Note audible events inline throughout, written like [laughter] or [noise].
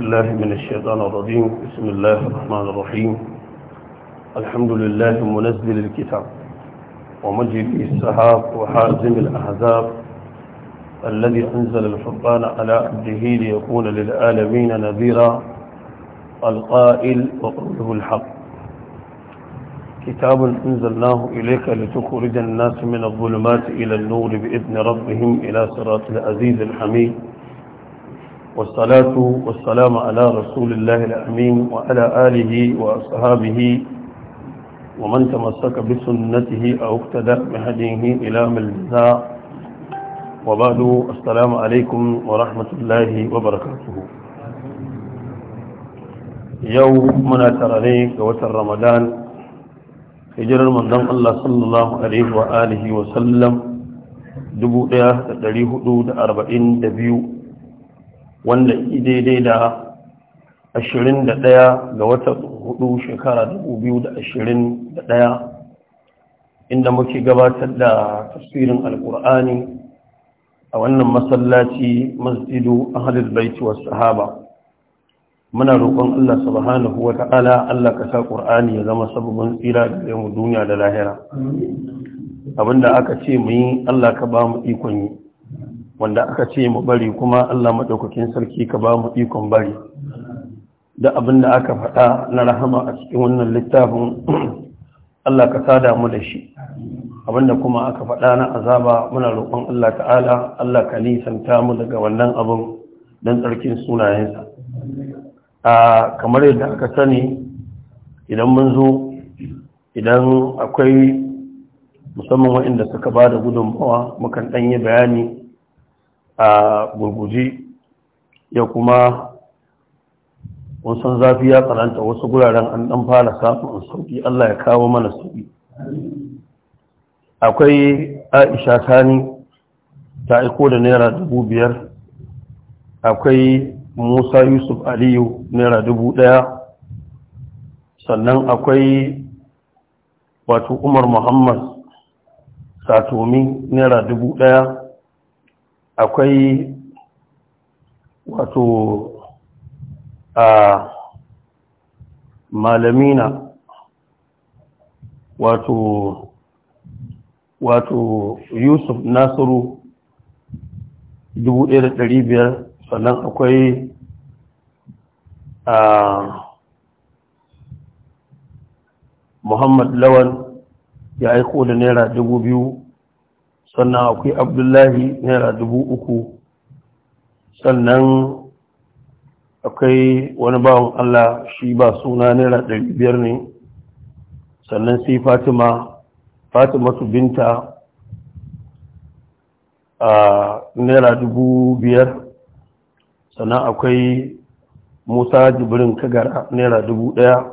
بالله من الشيطان الرجيم بسم الله الرحمن الرحيم الحمد لله منزل الكتاب ومجد السحاب وحازم الأحزاب الذي أنزل الفرقان على عبده ليكون للعالمين نذيرا القائل وقوله الحق كتاب أنزلناه إليك لتخرج الناس من الظلمات إلى النور بإذن ربهم إلى صراط العزيز الحميد والصلاة والسلام على رسول الله الأمين وعلى آله وأصحابه ومن تمسك بسنته أو اقتدى بهديه إلى ملزاء وبعد السلام عليكم ورحمة الله وبركاته يوم من أترني قوة رمضان hijirar manzon Allah sallallahu alaihi wa alihi wa sallam 1442 wanda daidai da 21 ga wata hudu shekara 2021 inda muke gabatar da tafsirin alkur'ani a wannan masallaci masjidu ahlul baiti wa sahaba muna roƙon Allah subhanahu wa ta'ala Allah ka sa ƙur'ani ya zama sabbin tsira da mu duniya da lahira abinda aka ce mu yi Allah ka ba mu ikon yi wanda aka ce mu bari kuma Allah maɗaukakin sarki ka ba mu ikon bari da abin da aka faɗa na rahama a cikin wannan littafin [clears throat] Allah ka sada mu da shi abinda kuma aka faɗa na azaba muna roƙon Allah ta'ala Allah ka nisanta mu daga wannan abin don tsarkin sunayensa a kamar yadda aka sani idan mun zo idan akwai musamman waɗanda suka ba da gudunmawa mukan ɗanyi bayani a gurguji ya kuma wasan zafi ya tsananta wasu guraren an dan fara samun sauki Allah ya kawo mana sauki akwai Aisha Sani ta aiko da naira dubu biyar akwai Musa Yusuf Aliyu naira dubu ɗaya sannan akwai wato Umar Muhammad Satomi naira dubu ɗaya akwai wato a malamina wato wato yusuf nasiru 1500 sannan akwai a muhammad lawan ya aiko da naira biyu. sannan akwai abdullahi naira dubu uku sannan akwai wani bawan allah shi ba suna naira ɗari biyar ne sannan sai fatima fatima su binta a naira dubu biyar sannan akwai musa jibirin kagara naira dubu ɗaya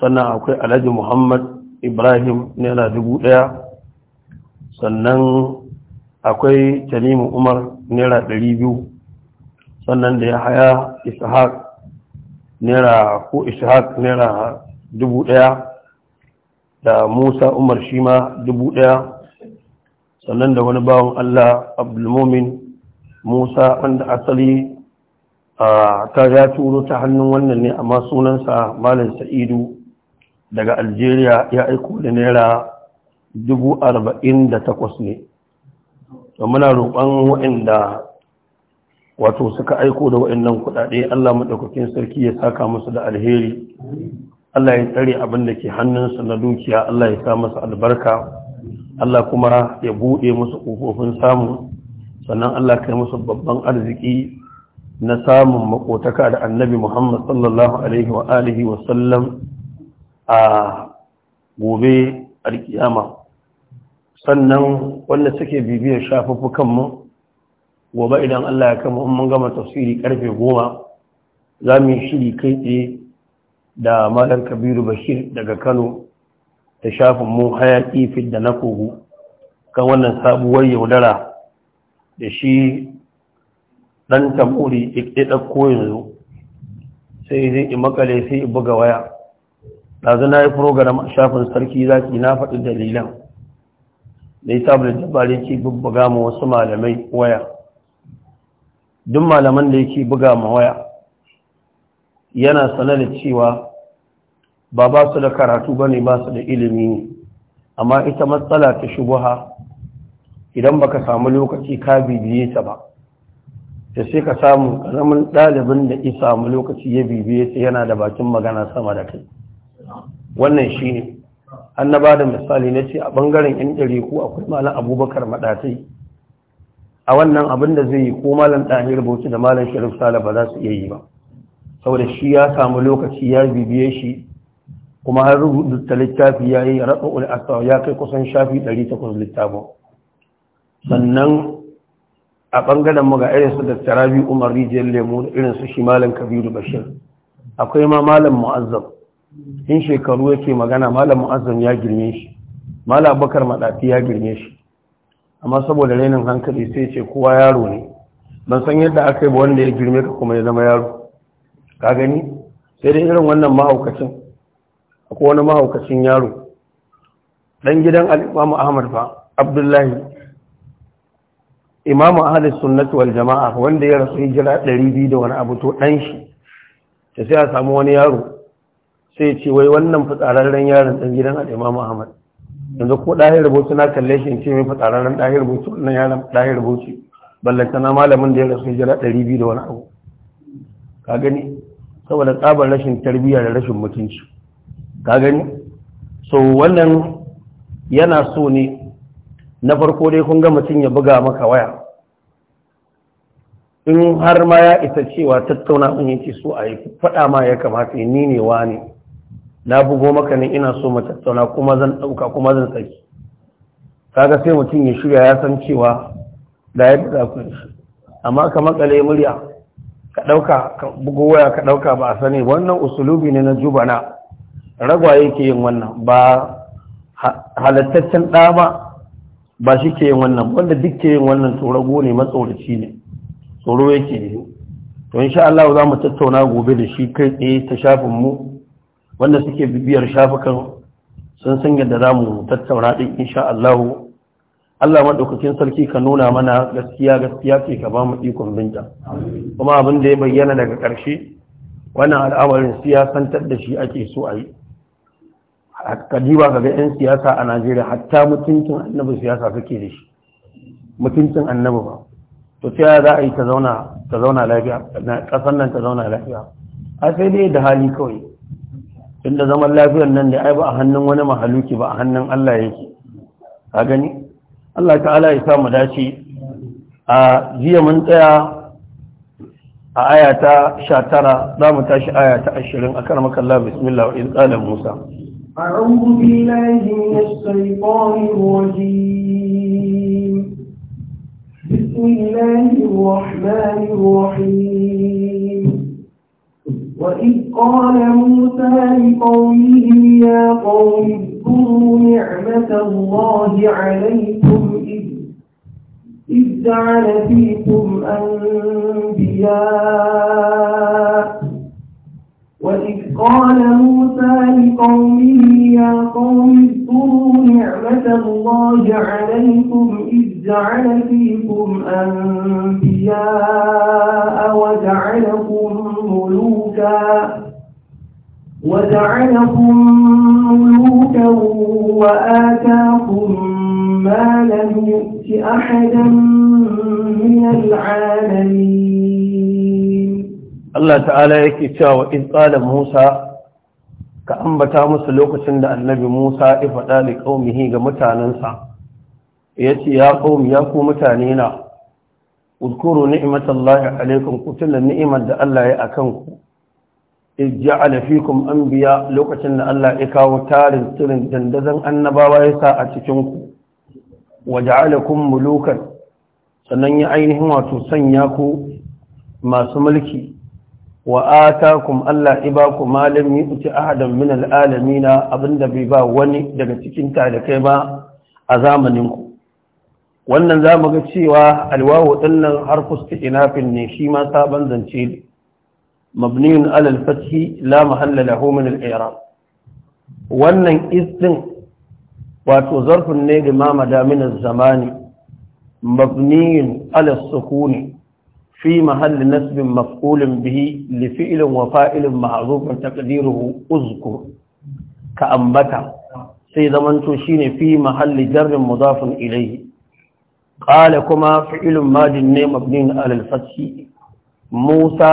sannan akwai alhaji muhammad ibrahim naira dubu ɗaya sannan akwai tamimu umar ɗari biyu, sannan da ya haya ishaq naira ko ishaq naira ɗaya, da musa umar shi ma ɗaya, sannan da wani bawan allah abdulmumin musa wanda asali ta ya turo ta hannun wannan ne amma sunansa malam sa'idu daga algeria ya aiko da naira dubu arba'in da takwas ne to muna roƙon waɗanda wato suka aiko da waɗannan kuɗaɗe Allah maɗaukakin sarki ya saka musu da alheri Allah ya tsare abin da ke hannunsu na dukiya Allah ya sa masa albarka Allah kuma ya buɗe musu ƙofofin samu sannan Allah kai musu babban arziki na samun maƙotaka da annabi Muhammad sallallahu Alaihi wa alihi a gobe alƙiyama sannan wanda suke bibiyar shafuffukanmu gobe idan Allah ya kama mun gama tafsiri karfe goma za mu yi shiri kai tsaye da malar kabiru bashir daga kano da shafin mu haya fit da na kogo kan wannan sabuwar yaudara da shi ɗan tamuri ɗiɗɗa ko yanzu sai zai yi makale sai buga waya ɗazu na yi program a shafin sarki zaki na faɗi dalilan da ya tabbata jabari ke bubbuga ma wasu malamai waya duk malaman da yake buga ma waya yana sanar da cewa ba ba su da karatu ba ne ba su da ilimi amma ita matsala ta shubuha idan baka samu lokaci ka bibiye ta ba da sai ka samu karamin ɗalibin da ya samu lokaci ya bibiye ta yana da bakin magana sama da kai wannan shi ne an na ba da misali na ce a ɓangaren 'yan ɗariku akwai malam abubakar maɗatai a wannan abin da zai yi ko malam ɗahir bauchi da malam sharif sala ba za su iya yi ba saboda shi ya samu lokaci ya bibiye shi kuma har rubuta littafi ya yi raɗa asawa ya kai kusan shafi 800 littafin sannan a ɓangaren mu ga su da tarabi umar rijiyar lemu da su shi malam kabiru bashir akwai ma malam mu'azzam in shekaru yake magana malam mu'azzam ya girme shi malam bakar madafi ya girme shi amma saboda rainin hankali sai ce kowa yaro ne ban san yadda aka yi ba wanda ya girme ka kuma ya zama yaro ka gani sai dai irin wannan mahaukacin akwai wani mahaukacin yaro dan gidan alifamu ahmad fa abdullahi imamu ahli sunnati wal jama'a wanda ya rasu ɗari biyu da wani abu to dan shi ta sai a samu wani yaro sai ce wai wannan fitsararren yaron ɗan gidan al'imamu ahmad yanzu ko ɗahir rubutu na kalle shi ce mai fitsararren ɗahir rubutu wannan yaron ɗahir rubutu ballanta na malamin da ya rasu jira ɗari biyu da wani abu ka gani saboda tsabar rashin tarbiyya da rashin mutunci ka gani so wannan yana so ne na farko dai kun ga mutum ya buga maka waya in har ma ya isa cewa tattauna in yake so a yi faɗa ma ya kamata ni ne wa ne na bugo maka ne ina so mu tattauna kuma zan ɗauka kuma zan tsaki kaga sai mutum ya shirya ya san cewa da ya da ku shi amma ka makale murya ka ɗauka ka bugo waya ka ɗauka ba a sani wannan usulubi ne na jubana ragwaye ke yin wannan ba halattaccen ɗa ba ba shi ke yin wannan wanda duk ke yin wannan to ne matsoraci ne tsoro yake ne to insha Allah za mu tattauna gobe da shi kai tsaye ta shafin mu wanda suke bibiyar shafukan sun san yadda za mu tattauna ɗin insha Allah Allah maɗaukakin sarki ka nuna mana gaskiya gaskiya ce ka ba mu ikon binta kuma abin da ya bayyana daga ƙarshe wannan al'amarin siyasantar da shi ake so a yi kadiba ga 'yan siyasa a najeriya hatta mutuncin annabi siyasa suke da shi mutuncin annabi ba to ta za a yi ta zauna lafiya ƙasar nan ta zauna lafiya a sai dai da hali kawai inda zaman lafiyar nan da ai ba a hannun wani mahaluki ba a hannun Allah yake ka gani Allah ta'ala ya samu dace a jiya mun tsaya a aya ta 19 za mu tashi aya ta A akan makalla bismillah in izqala musa أعوذ بالله من الشيطان الرجيم بسم الله الرحمن الرحيم وإذ قال موسى لقومه يا قوم اذكروا نعمة الله عليكم إذ إذ جعل فيكم أنبياء وإذ قال موسى لقومه يا قوم اذكروا نعمة الله عليكم إذ جعل فيكم أنبياء وجعلكم ملوكا وجعلكم ملوكا وآتاكم ما لم يؤت أحدا من العالمين Allah ta'ala yake cewa in qala Musa ka ambata musu lokacin da annabi Musa ya faɗa da qaumihi ga mutanansa yace ya qaumi ya ku mutane na uzkuru ni'matallahi alaikum ku tuna ni'imar da Allah ya akan ku ij'ala fikum anbiya lokacin da Allah ya kawo tarin tirin dandazan annabawa ya sa a cikin ku waja'alakum mulukan sannan ya ainihin wato sanya ku masu mulki Allah وآتاكم الله إباكم bai ba wani daga cikin العالمين da kai ba a zamanin ku. wannan za mu ga cewa alwawu ɗinnan harfus inafin ne shi ma sabon zance ne mabniyun alal fathi la mahalla lahu min al-i'rab wannan istin wato zarfin ne da ma madamin zamani mabniyun alal sukuni في محل نسب مفعول به لفعل وفاعل محذوف تقديره اذكر ambata, sai zamanto shine fi mahalli jarrin ilaihi. ilayhi qala kuma fi'ilun madin ne mabniin alal fathi musa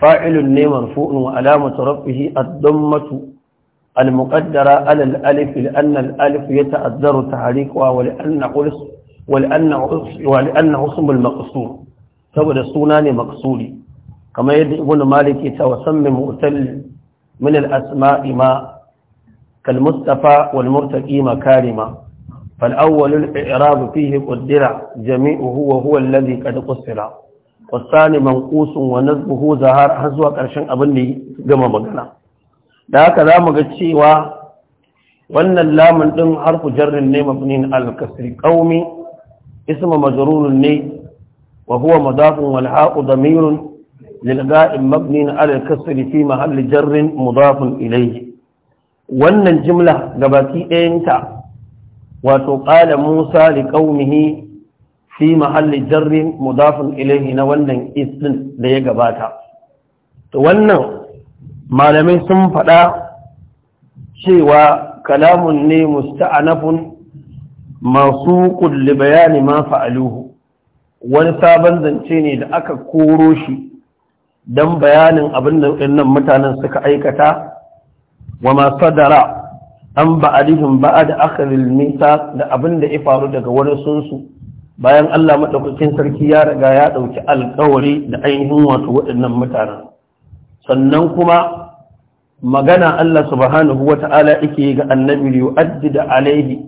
fa'ilun ne marfu'un wa alamatu rafihi ad-dammatu al-muqaddara alal alif li'anna al-alif yata'addaru tahriquha wa li'anna wa saboda suna ne maksuri kamar yadda ibn malik ya tawa sammin mutal min al-asma'i ma kal mustafa wal murtaqi makarima fal awwal al-i'rab fihi qaddara jami'uhu wa huwa alladhi qad qusira wasani manqusun wa nazbuhu zahar har zuwa karshen abin da gama magana da haka zamu ga cewa wannan lamun din harfu jarrin ne mabnin al-kasri qaumi ismu majrurun ne وهو مضاف والهاء ضمير للغاء مبني على الكسر في محل جر مضاف إليه wannan jimla gabaki ɗayanta wato ƙala musa li ƙaunihi fi mahalli jarrin muzafin ilaihi na wannan istin da ya gabata wannan malamai sun faɗa cewa kalamun ne musta'anafun masu kulli bayani ma fa'aluhu wani sabon zance ne da aka koro shi don bayanin abin da waɗannan mutanen suka aikata wa masu dara an ba ba'a da aka nisa da abin da ya faru daga wani sunsu bayan Allah maɗaukakin sarki ya riga ya ɗauki alkawari da ainihin wato waɗannan mutanen sannan kuma magana Allah subhanahu wa ta'ala yake ga annabi yu'addi da alaihi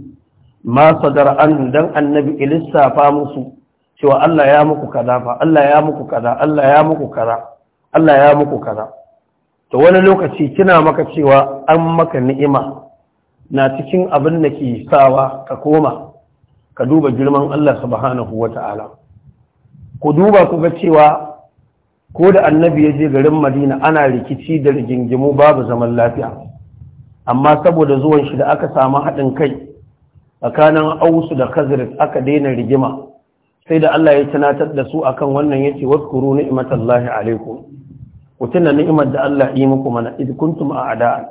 ma sadar an dan annabi fa musu cewa Allah ya muku kaza fa Allah ya muku kaza Allah ya muku kaza Allah ya muku kaza to wani lokaci kina maka cewa an maka ni'ima na cikin abin da ke sawa ka koma ka duba girman Allah subhanahu wata'ala ku duba ku ga cewa ko da annabi ya je garin Madina ana rikici da rigingimu babu zaman lafiya amma saboda zuwan shi da aka samu haɗin kai tsakanin ausu da kaziris aka daina rigima sai da Allah ya tunatar da su akan wannan yace wazkuru ni'matallahi alaikum ku tuna ni'imar da Allah yi muku mana id kuntum a'da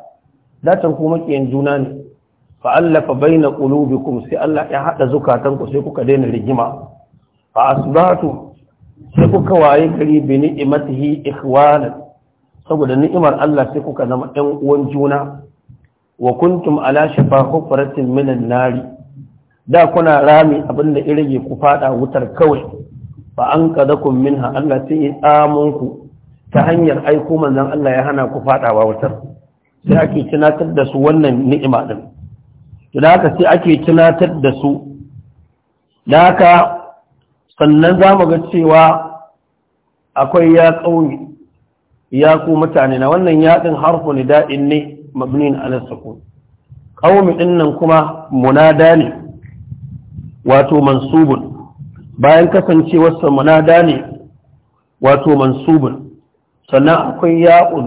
datan ku makiyan juna ne fa allafa baina qulubikum sai Allah ya hada zukatan ku sai kuka daina rigima fa asbahatu sai kuka waye gari bi ni'matihi ikhwanan saboda ni'imar Allah sai kuka zama ɗan uwan juna wa kuntum ala shafa hufratin minan nari da kuna rami abinda ya rage ku fada wutar kawai fa an qadakum minha Allah sai amunku ta hanyar aiko manzon Allah ya hana ku fadawa wutar sai ake tunatar da su wannan ni'ima din to da haka sai ake tunatar da su da haka sannan za mu ga cewa akwai ya kauye ya ku mutane na wannan yaɗin harfu nida'in ne mabnin ala sukun qaumi dinnan kuma munada ne wato mansubun bayan kasancewarsa munada ne wato mansubun sannan akwai ya'un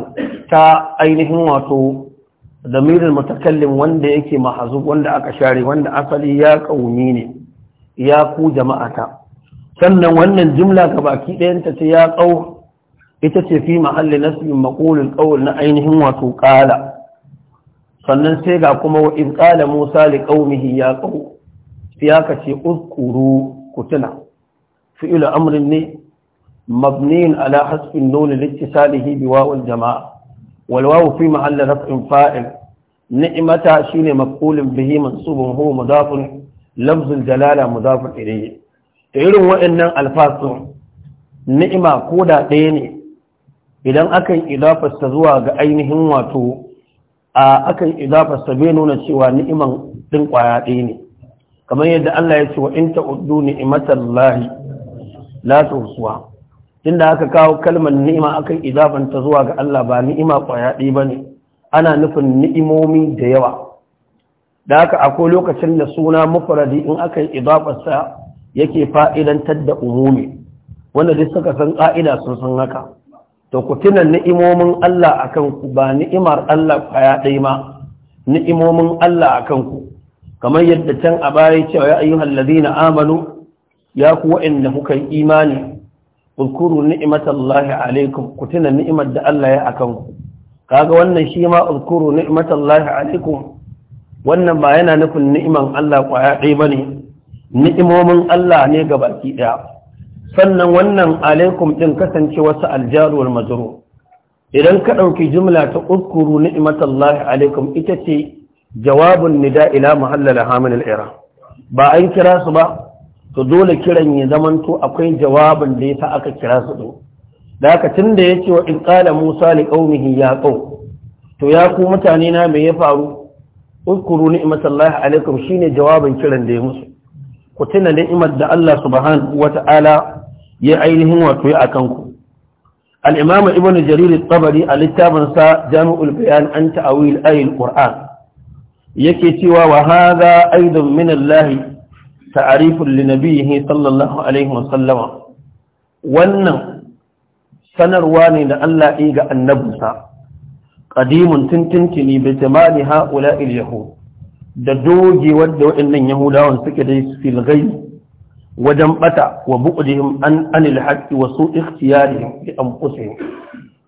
ta ainihin wato damirin matakallin wanda yake mahazu wanda aka share wanda asali ya kauni ne ya ku jama'ata sannan wannan jumla ga baki ɗayanta ce ya ƙau ita ce fi mahalli nasbin maqulul qawl na ainihin wato qala sannan sai ga kuma wa in qala musa li qaumihi ya ƙau sai aka ce uzkuru kutuna fi'il amrin ne mabniin ala hasbin nun littisalihi bi wawil jama'a wal wawu fi mahall raf'in fa'il ni'mata shine maf'ulun bihi mansubun huwa mudafun lafzul jalala mudafun ilayhi to irin waɗannan alfasu ni'ima ko da ɗaya ne idan akan idafasta zuwa ga ainihin wato a akan idafasta bai nuna cewa ni'iman ɗin ƙwaya ɗaya ne kamar yadda Allah ya ce wa in ta'uddu ni'matallahi la tuhsuha tunda aka kawo kalmar ni'ima akan idaban ta zuwa ga Allah ba ni'ima kwaya ɗi bane ana nufin ni'imomi da yawa da haka akwai lokacin da suna mufradi in aka yi idafarsa yake fa'idantar da umumi wanda duk suka san ƙa'ida sun san haka to ku tuna ni'imomin Allah akan ku ba ni'imar Allah kwaya ɗaya ma ni'imomin Allah akan ku kamar yadda can a baya cewa ya ayyuhal ladina amanu ya ku wa'anda kuka yi imani uzkuru ni'matallahi alaikum ku tuna ni'imar da Allah ya akan ku kaga wannan shi ma uzkuru ni'matallahi alaikum wannan ba yana nufin ni'iman Allah kwaya ɗaya bane ni'imomin Allah ne ga baki ɗaya sannan wannan alaikum din kasance wasu wal mazuru idan ka ɗauki jumla ta uzkuru ni'matallahi alaikum ita ce jawabun nida ila muhallala hamin al'ira ba an kira su ba to dole kiran ya zamanto akwai jawabin da ya sa aka kira su ɗo. da tun da ya ce wa in ƙala musa li ƙaunihi ya ƙau to ya ku mutane na me ya faru uskuru ni'matallahi alaikum shine jawabin kiran da ya musu ku tuna ni'imar da Allah subhanahu Ta'ala ya ainihin wato ya akan ku al-imam ibnu jarir at-tabari a littafin sa jami'ul bayan an ta'awil ayil qur'an yake cewa wa hadha aidan min Allah ta'rifun li nabiyhi sallallahu alaihi wasallam wannan sanarwa ne da Allah yi ga annabinsa qadimun tintintini bi tamali ha'ula'il yahud da doge wadda waɗannan yahudawan suke da fil ghaib wajen bata wa bu'dihim an anil haqqi wa su ikhtiyarihim bi anfusihim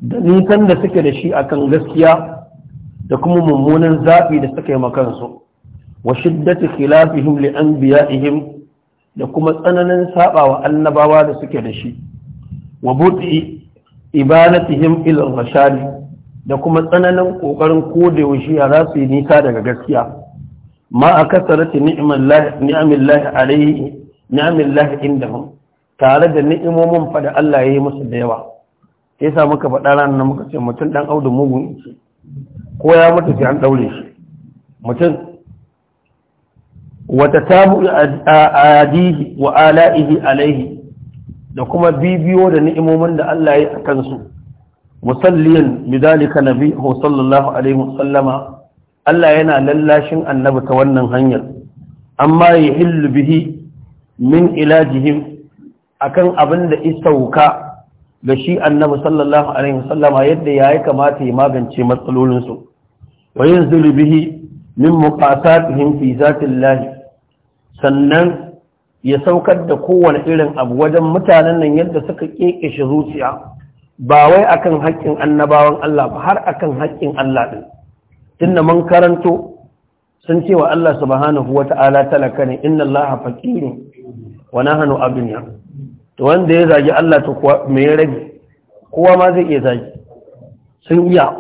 da nisan da suke da shi akan gaskiya da kuma mummunan zaɓi da suka yi makansu wa shiddati khilafihim li anbiya'ihim da kuma tsananin sabawa annabawa da suke da shi wa buti ibanatihim ila rashadi da kuma tsananin kokarin kodayaushe ya za su yi nisa daga gaskiya ma a kasarati ni'amillahi alaihi ni'amillahi indahum tare da ni'imomin fa da Allah ya yi musu da yawa sai sa muka faɗa ranar muka ce mutum dan audu mugun ce ko ya mutu sai an daure shi mutum wata tabu adihi wa ala'ihi alaihi da kuma bibiyo da ni'imomin da Allah ya akan su musalliyan bidalika nabihu sallallahu alaihi wasallama Allah yana lallashin annabi ta wannan hanyar amma ya hillu bihi min ilajihim akan abin da isauka ga shi annabi sallallahu alaihi wasallama yadda yi kamata ya magance matsalolin su wa yanzulu bihi min muqasatihim fi zatillah sannan ya saukar da kowane irin abu wajen mutanen nan yadda suka kekeshe zuciya ba wai akan haƙƙin annabawan Allah ba har akan haƙƙin Allah din tunda mun karanto sun ce wa Allah subhanahu wata'ala talaka ne inna Allah faqirun wa nahnu ya? to wanda ya zagi Allah ta kuwa me ya rage kowa ma zai iya zagi sun iya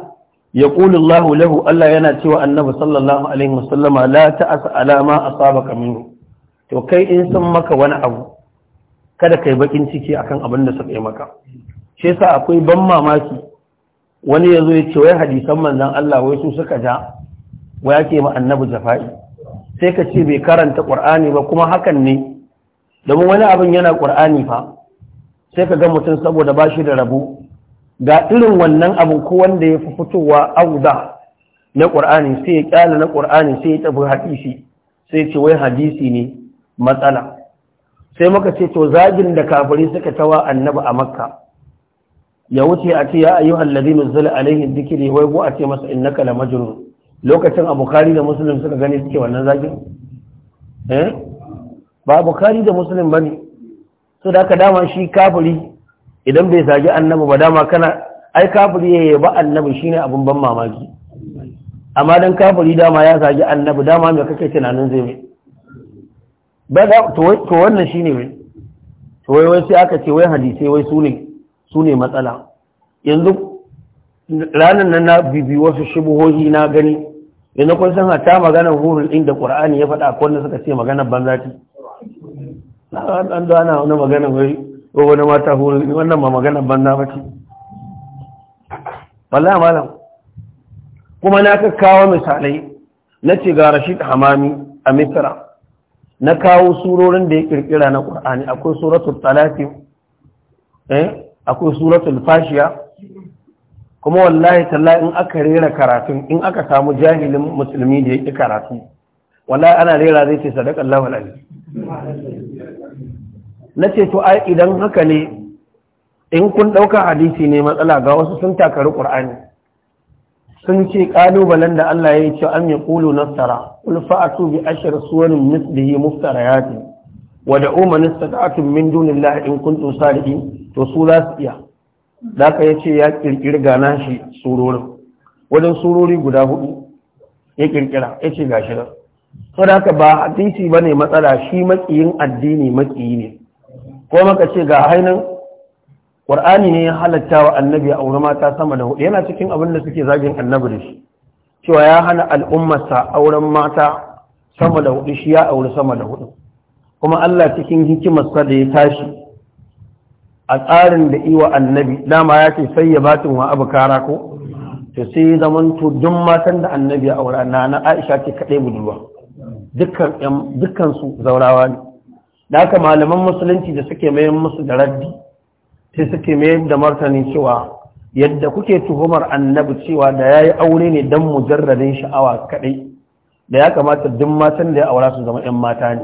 ya ƙuli Allah lahu Allah yana cewa annabi sallallahu alaihi wasallama la ta'asa alama saba minhu to kai in sun maka wani abu kada kai bakin ciki akan abin da suka yi maka shi yasa akwai ban mamaki wani yazo ya ce wai hadisan manzon Allah wai su suka ja wai ake ma annabi jafa'i sai ka ce bai karanta qur'ani ba kuma hakan ne domin wani abin yana ƙur'ani fa sai ka ga mutum saboda ba shi da rabu ga irin wannan abin ko wanda ya fi fitowa auda na ƙur'ani sai ya ƙyala na ƙur'ani sai ya tafi hadisi sai ce wai hadisi ne matsala sai muka ce to zagin da kafiri suka tawa annabi a makka ya wuce a ce ya ayyuhal ladina zala alaihi dikiri wai bu a ce masa innaka la majnun lokacin a da muslim suka gani suke wannan zagin eh ba bukari da musulun ba ne su da aka dama shi kafuri idan bai zagi annabi ba dama kana ai kafuri ya yi ba annabi ne abin ban mamaki amma don kafuri dama ya zagi annabi dama me kake tunanin zai mai ba to wannan shi ne mai to wai wai sai aka ce wai hadisai wai su ne matsala yanzu ranar nan na bibi wasu shubuhohi na gani yanzu kun san hatta maganar hurul inda qur'ani ya faɗa akwai wanda suka ce maganar banzati an zo ana wani magana wai ko wani mata huru wannan ma magana banza ba ce wallahi malam kuma na ka kawo misalai na ce ga Rashid Hamami a Misra na kawo surorin da ya kirkira na Qur'ani akwai suratul talatin, eh akwai suratul Fashiya kuma wallahi tallahi in aka rera karatun in aka samu jahilin musulmi da ya ƙi karatu wallahi ana rera zai ce sadaqallahu alazim na ce to ai idan haka ne in kun ɗauka hadisi ne matsala ga wasu sun takari ƙur'ani sun ce ƙalubalen da Allah ya yi ce an ya ƙulu nasara ƙul fa'atu bi ashir suwanin mislihi ce. wa da umarin sata'atun min dunillahi in kuntum salihin to su za su iya da ka ya ce ya ƙirƙiri gana shi surorin wajen surori guda hudu ya ƙirƙira ya ce gashi nan saboda haka ba hadisi bane matsala shi maƙiyin addini maƙiyi ne ko maka ce ga hainan ƙwar'ani ne ya halatta wa annabi a auri mata sama da hudu yana cikin abin da suke zagin annabi da shi cewa ya hana al'ummarsa auren mata sama da hudu shi ya auri sama da hudu kuma Allah cikin hikimarsa da ya tashi a tsarin da iwa annabi dama ya ce sai ya batin wa abu kara ko to sai zaman to duk matan da annabi ya aura na Aisha ce kaɗai budurwa dukkan su zaurawa ne da aka malaman musulunci da suke mayar musu da raddi sai suke mayar da martani cewa yadda kuke tuhumar annabi cewa da ya yi aure ne don mujarradin sha'awa kaɗai da ya kamata duk matan da ya aura su zama 'yan mata ne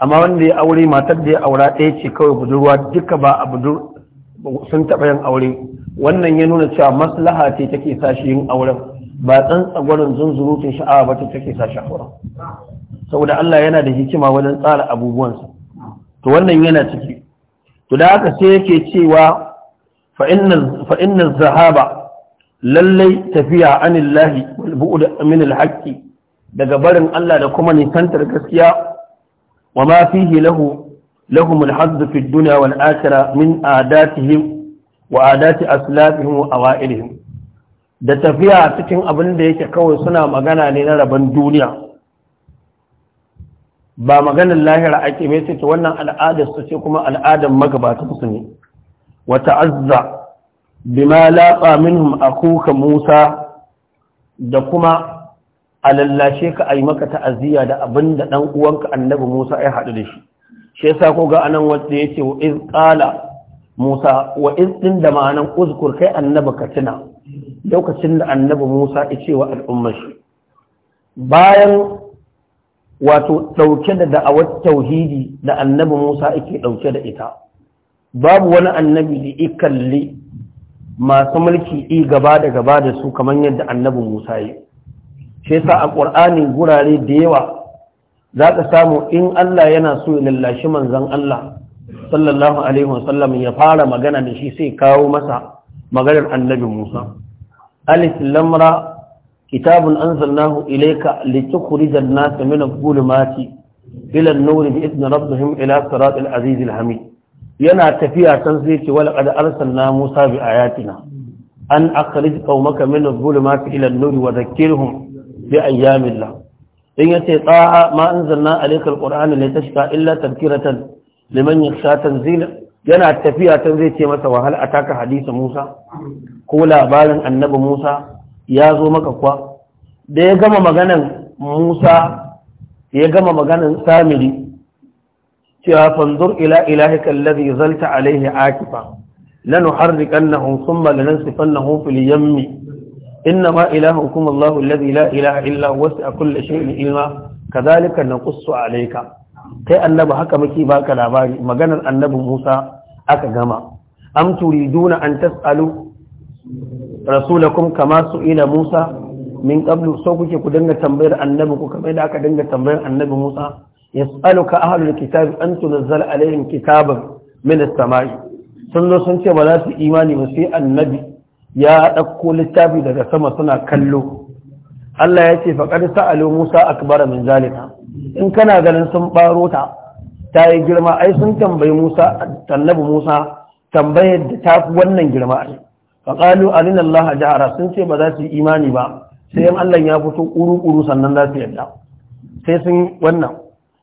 amma wanda ya aure matar da ya aura ɗaya ce kawai budurwa duka ba a budur sun taɓa yin aure wannan ya nuna cewa maslaha ce take sa shi yin auren ba tsantsagwarin zunzurutun sha'awa ba ta take sa shahura saboda Allah yana da hikima wajen tsara abubuwansa to wannan yana ciki to da haka sai yake cewa fa inna zahaba lallai tafiya anillahi wal bu'd min al daga barin Allah da kuma nisantar gaskiya wa ma fihi lahu lahum al-hadd fi dunya wal akhirah min adatihim wa adati aslafihim wa awailihim da tafiya cikin abin da yake kawai suna magana ne na rabon duniya ba maganin lahira ake mai ce wannan al'adar su ce kuma al'adar magabata su ne wata azza bima laɓa minhum akuka musa da kuma a lallashe ka a yi maka ta'aziyya da abin da ɗan uwanka annabi musa ya haɗu da shi shi yasa ko ga anan wanda ya ce wa iz ƙala musa wa iz ɗin da ma'anan uzkur kai annabi ka tuna lokacin da annabi Musa ya ce wa al'ummar bayan wato ɗauke da da'awar tauhidi da annabi Musa yake ɗauke da ita babu wani annabi da ya kalli masu mulki i gaba da gaba da su kamar yadda annabi Musa yi shi yasa a Qur'ani gurare da yawa za ka samu in Allah yana so ya lallashi manzon Allah sallallahu alaihi wasallam ya fara magana da shi sai kawo masa maganar annabi Musa alif lamra kitabun anzalnahu ilayka litukhrijan nasa min adh-dhulumati ila an-nur bi idni rabbihim ila siratil azizil hamid yana tafiya san sai ce wala qad arsalna musa bi ayatina an akhrij qaumaka min adh-dhulumati ila an-nur wa dhakkirhum bi ayyamillah in yace ta'a ma anzalna alayka al-qur'ana litashqa illa tadhkiratan liman yakhsha tanzila yana tafiya ta zai ce masa wahala a taka hadisa Musa ko labarin annabi Musa ya zo maka kuwa da ya gama maganan Musa ya gama maganan samiri cewa fanzur ila ilahi kallazi zalta alaihi akifa lanu harrikan na hunsun malinan na hunfil yammi inna ma ilahun kuma Allah la ilaha illa wasu a kulle shi ilma kazalika na kusu alaika kai annabi haka muke baka labari maganar annabi Musa aka gama am turiduna an tasalu rasulakum kama su'ila Musa min qablu so kuke ku dinga tambayar annabi ku kamar da aka dinga tambayar annabi Musa yas'aluka ahlul kitab an tunzala alaihim kitaban min as-sama'i sun zo sun ce ba za su imani ba sai annabi ya dauko littafi daga sama suna kallo Allah ya ce faƙar sa'alu Musa akbara min zalika in kana ganin sun ɓaro ta ta yi girma ai sun tambayi Musa tallabi Musa tambaye da ta fi wannan girma ai faƙalu alin Allah jahara sun ce ba za su yi imani ba sai yan Allah ya fito ƙuru-ƙuru sannan za su yarda sai sun wannan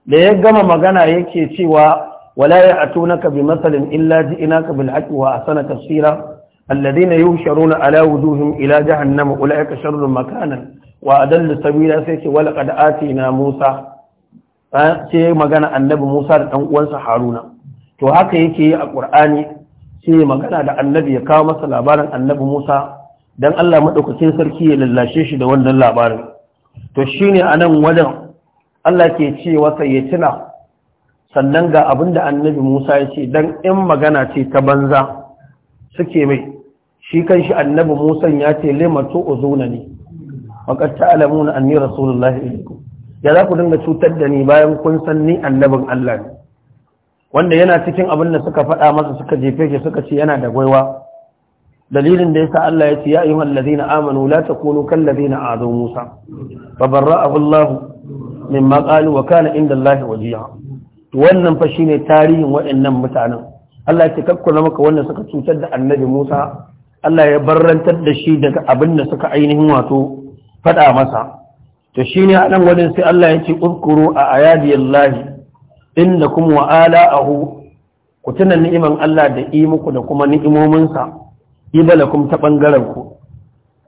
da ya gama magana yake cewa wala ya atunaka bi masalin illa ka bil haqqi wa asana tafsira alladhina yusharuna ala wujuhim ila jahannama ulaika sharrun makanan wa adallu sabila sai ce wala qad atina Musa ce magana annabi Musa da dan uwansa Haruna to haka yake yi a Qur'ani ce magana da annabi ya kawo masa labarin annabi Musa dan Allah madaukakin sarki ya lallashe shi da wannan labarin to shine anan wajen Allah ke ce wasa ya tuna sannan ga abinda annabi Musa ya ce dan in magana ce ta banza suke mai shi kan shi annabi Musa ya ce lema to uzuna ne faqad ta'lamuna anni rasulullahi ilaykum ya za ku dinga cutar da ni bayan kun san ni annabin Allah ne wanda yana cikin abin da suka faɗa masa suka jefe shi suka ce yana da gwaiwa dalilin da yasa Allah ya ce ya ayyuhal ladina amanu la takunu kal ladina azu Musa fa barra'ahu Allah mimma qalu wa kana inda Allah wajiha wannan fa shine tarihin waɗannan mutanen Allah ya ce kakkuna maka wanda suka cutar da annabi Musa Allah ya barrantar da shi daga abin da suka ainihin wato faɗa masa to shi ne anan wajen sai Allah ya ce uzkuru a ayadiyallahi inda kuma wa ala'ahu ku tuna ni'iman Allah da yi muku da kuma ni'imominsa ibalakum ta ɓangaren ku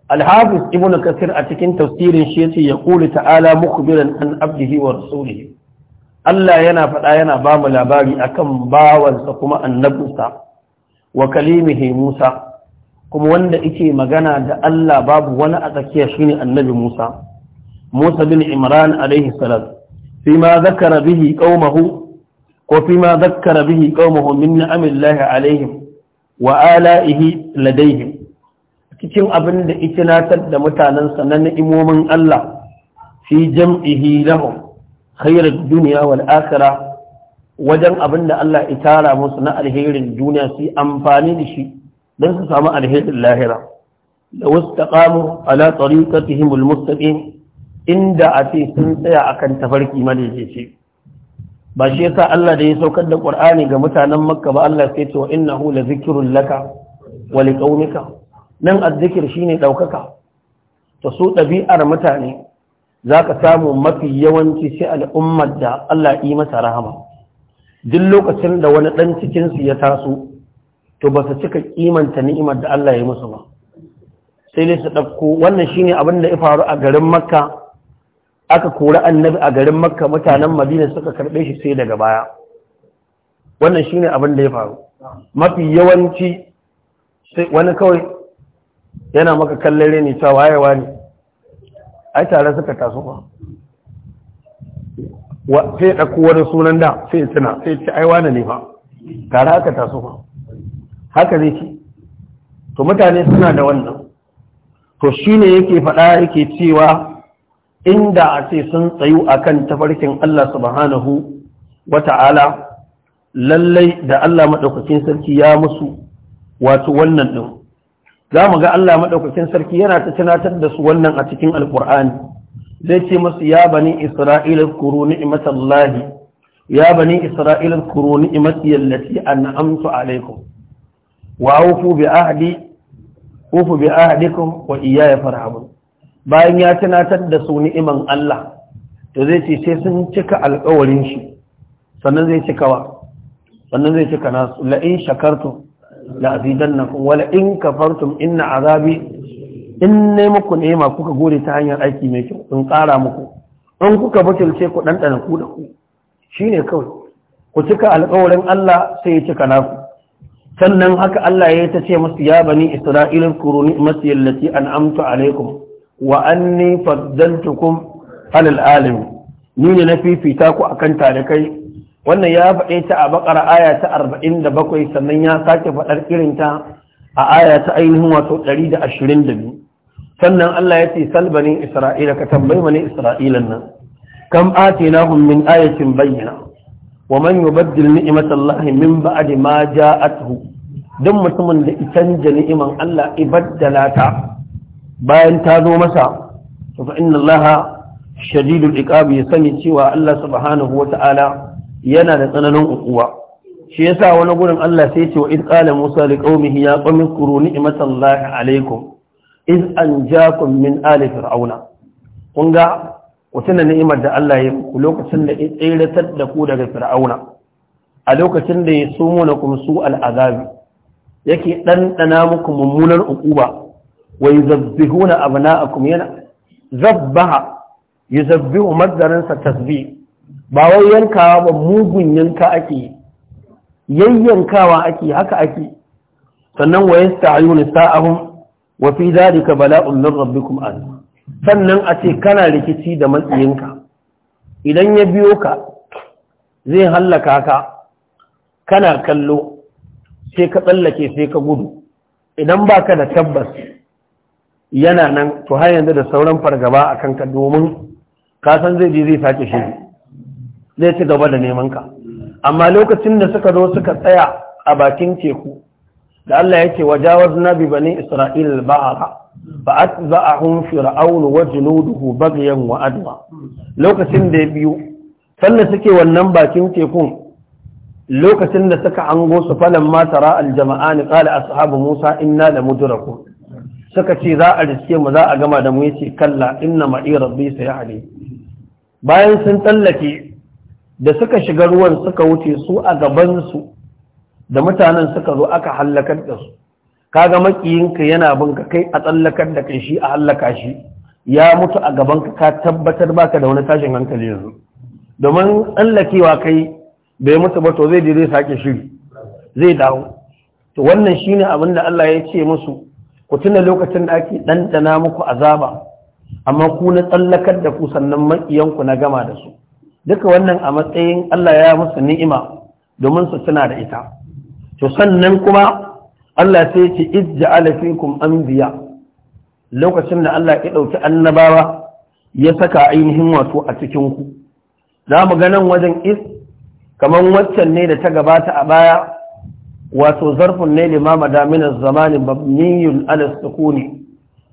alhafiz ibnu kasir a cikin tafsirin shi yace ya qulu ta'ala mukbiran an abdihi wa rasulihi Allah yana faɗa yana ba mu labari akan bawansa kuma annabinsa wa kalimihi Musa kuma wanda ike magana da Allah babu wani a tsakiya shine annabi Musa Musa bin Imran alaihi salam fi ma zakara bihi qaumahu ko fi ma zakara bihi qaumahu min ni'amillahi alaihim wa ala'ihi ladaihim cikin abin da natar da mutanen sa na ni'imomin Allah fi jam'ihi lahum khairud duniya wal akhirah wajen abin da Allah ya tara musu na alherin duniya su amfani da shi don su samu alherin lahira da wasu taƙamu ala tsarikatihim ulmustaƙin inda a ce sun tsaya akan tafarki madaidaici ba shi yasa Allah da ya saukar da Ƙur'ani ga mutanen Makka ba Allah sai ce wa innahu la zikrun laka wa liqaumika nan azzikir shine daukaka to su ɗabi'ar mutane zaka samu mafi yawanci sai al'ummar da Allah yi masa rahama duk lokacin da wani dan cikin su ya taso to ba su cika kimanta ni'imar da Allah ya musu ba sai dai su ɗauko wannan shi abin da ya faru a garin makka aka kori annabi a garin makka mutanen madina suka karɓe shi sai daga baya wannan shi abin da ya faru mafi yawanci wani kawai yana maka kallon reni cewa wayewa ne ai tare suka taso ba sai ɗauko wani sunan da sai tuna sai ci aiwa ne fa tare aka taso ba haka zai ce to mutane suna da wannan to shine yake faɗa yake cewa inda a ce sun tsayu a kan tafarkin Allah subhanahu wata'ala lallai da Allah maɗaukakin sarki ya musu wato wannan ɗin za mu ga Allah maɗaukakin sarki yana ta tunatar da su wannan a cikin alƙur'ani zai ce masu ya bani isra'ila kuru ni'imatallahi ya bani isra'ila kuru ni'imati an'amtu alaikum wa bi ahdi ufu bi ahdikum wa iyaya farhabun bayan ya tunatar da su ni'iman Allah to zai ce sai sun cika alƙawarin shi sannan zai cika wa sannan zai cika nasu la in shakartu la azidannakum wa la in kafartum inna azabi in ne muku ma kuka gode ta hanyar aiki mai kyau in ƙara muku in kuka butulce ku ɗanɗana ku da ku shine kawai ku cika alƙawarin Allah sai ya cika nasu sannan haka Allah ya ta ce masu ya bani isra'ila kuru ni'mati allati an'amtu alaikum wa anni faddaltukum alal alamin ni ne na fifita ku akan kai wannan ya faɗe ta a bakara aya ta 47 sannan ya sake faɗar irin ta a aya ta ainihin wato 122 sannan Allah ya ce sal bani isra'ila ka tambayi bani isra'ilan nan kam atinahum min ayatin bayyana ومن يبدل نعمة الله من بعد ما جاءته duk mutumin da canja ni'iman Allah ibaddala ta bayan ta zo masa to fa inna Allah shadidul iqab ya sani cewa Allah subhanahu wata'ala yana da tsananin ukuwa shi yasa wani gurin Allah sai ce wa id qala Musa liqaumihi ya qawmi kuru ni'matallahi alaikum iz anjakum min ali fir'auna kun ga ku tuna ni'imar da Allah ya ku lokacin da ya tsiratar da ku daga fir'auna a lokacin da ya sumo na kuma su al'azabi yake ɗanɗana muku mummunar uquba na yuzabbihuna abna'akum yana zabbaha yuzabbihu maddarin sa tasbi. ba wai yankawa ba mugun yanka ake yayyankawa ake haka ake sannan wa yasta'yuna sa'ahum wa fi dhalika bala'un min rabbikum azim sannan a ce kana rikici da matsayinka idan ya biyo ka zai hallaka ka kana kallo sai ka tsallake sai ka gudu idan ba ka da tabbas yana nan to har yanzu da sauran fargaba a kanka domin kasan zai je zai sake shi zai ci gaba da neman ka amma lokacin da suka zo suka tsaya a bakin teku da Allah yake wajawaz nabi bani isra'il ba'ara فأتبعهم فرعون وجنوده wa وعدوا Lokacin da biyu sannan suke wannan bakin tekun lokacin da suka hango su falan ma tara aljama'an qala ashabu musa inna da mudraku suka ce za a riske mu za a gama da mu yace kalla inna ma'i rabbi sayahdi bayan sun tsallake da suka shiga ruwan suka wuce su a gaban su da mutanen suka zo aka hallakar da su kaga makiyinka yana ka kai a tsallakar da kai shi a hallaka shi ya mutu a gabanka ka tabbatar baka da wani tashin hankali yanzu domin tsallakewa kai bai mutu ba to zai je zai sake shiri zai dawo to wannan shine abin da Allah ya ce musu ku tuna lokacin da ake dandana muku azaba amma ku na tsallakar da ku sannan makiyanku na gama da su duka wannan a matsayin Allah ya musu ni'ima domin su tuna da ita to sannan kuma Allah sai ce ij'ala fikum anbiya lokacin da Allah ya ɗauki annabawa ya saka ainihin wato a cikin ku za mu ganin wajen is kamar waccan ne da ta gabata a baya wato zarfin ne limama damina zamani mabniyun ala sukuni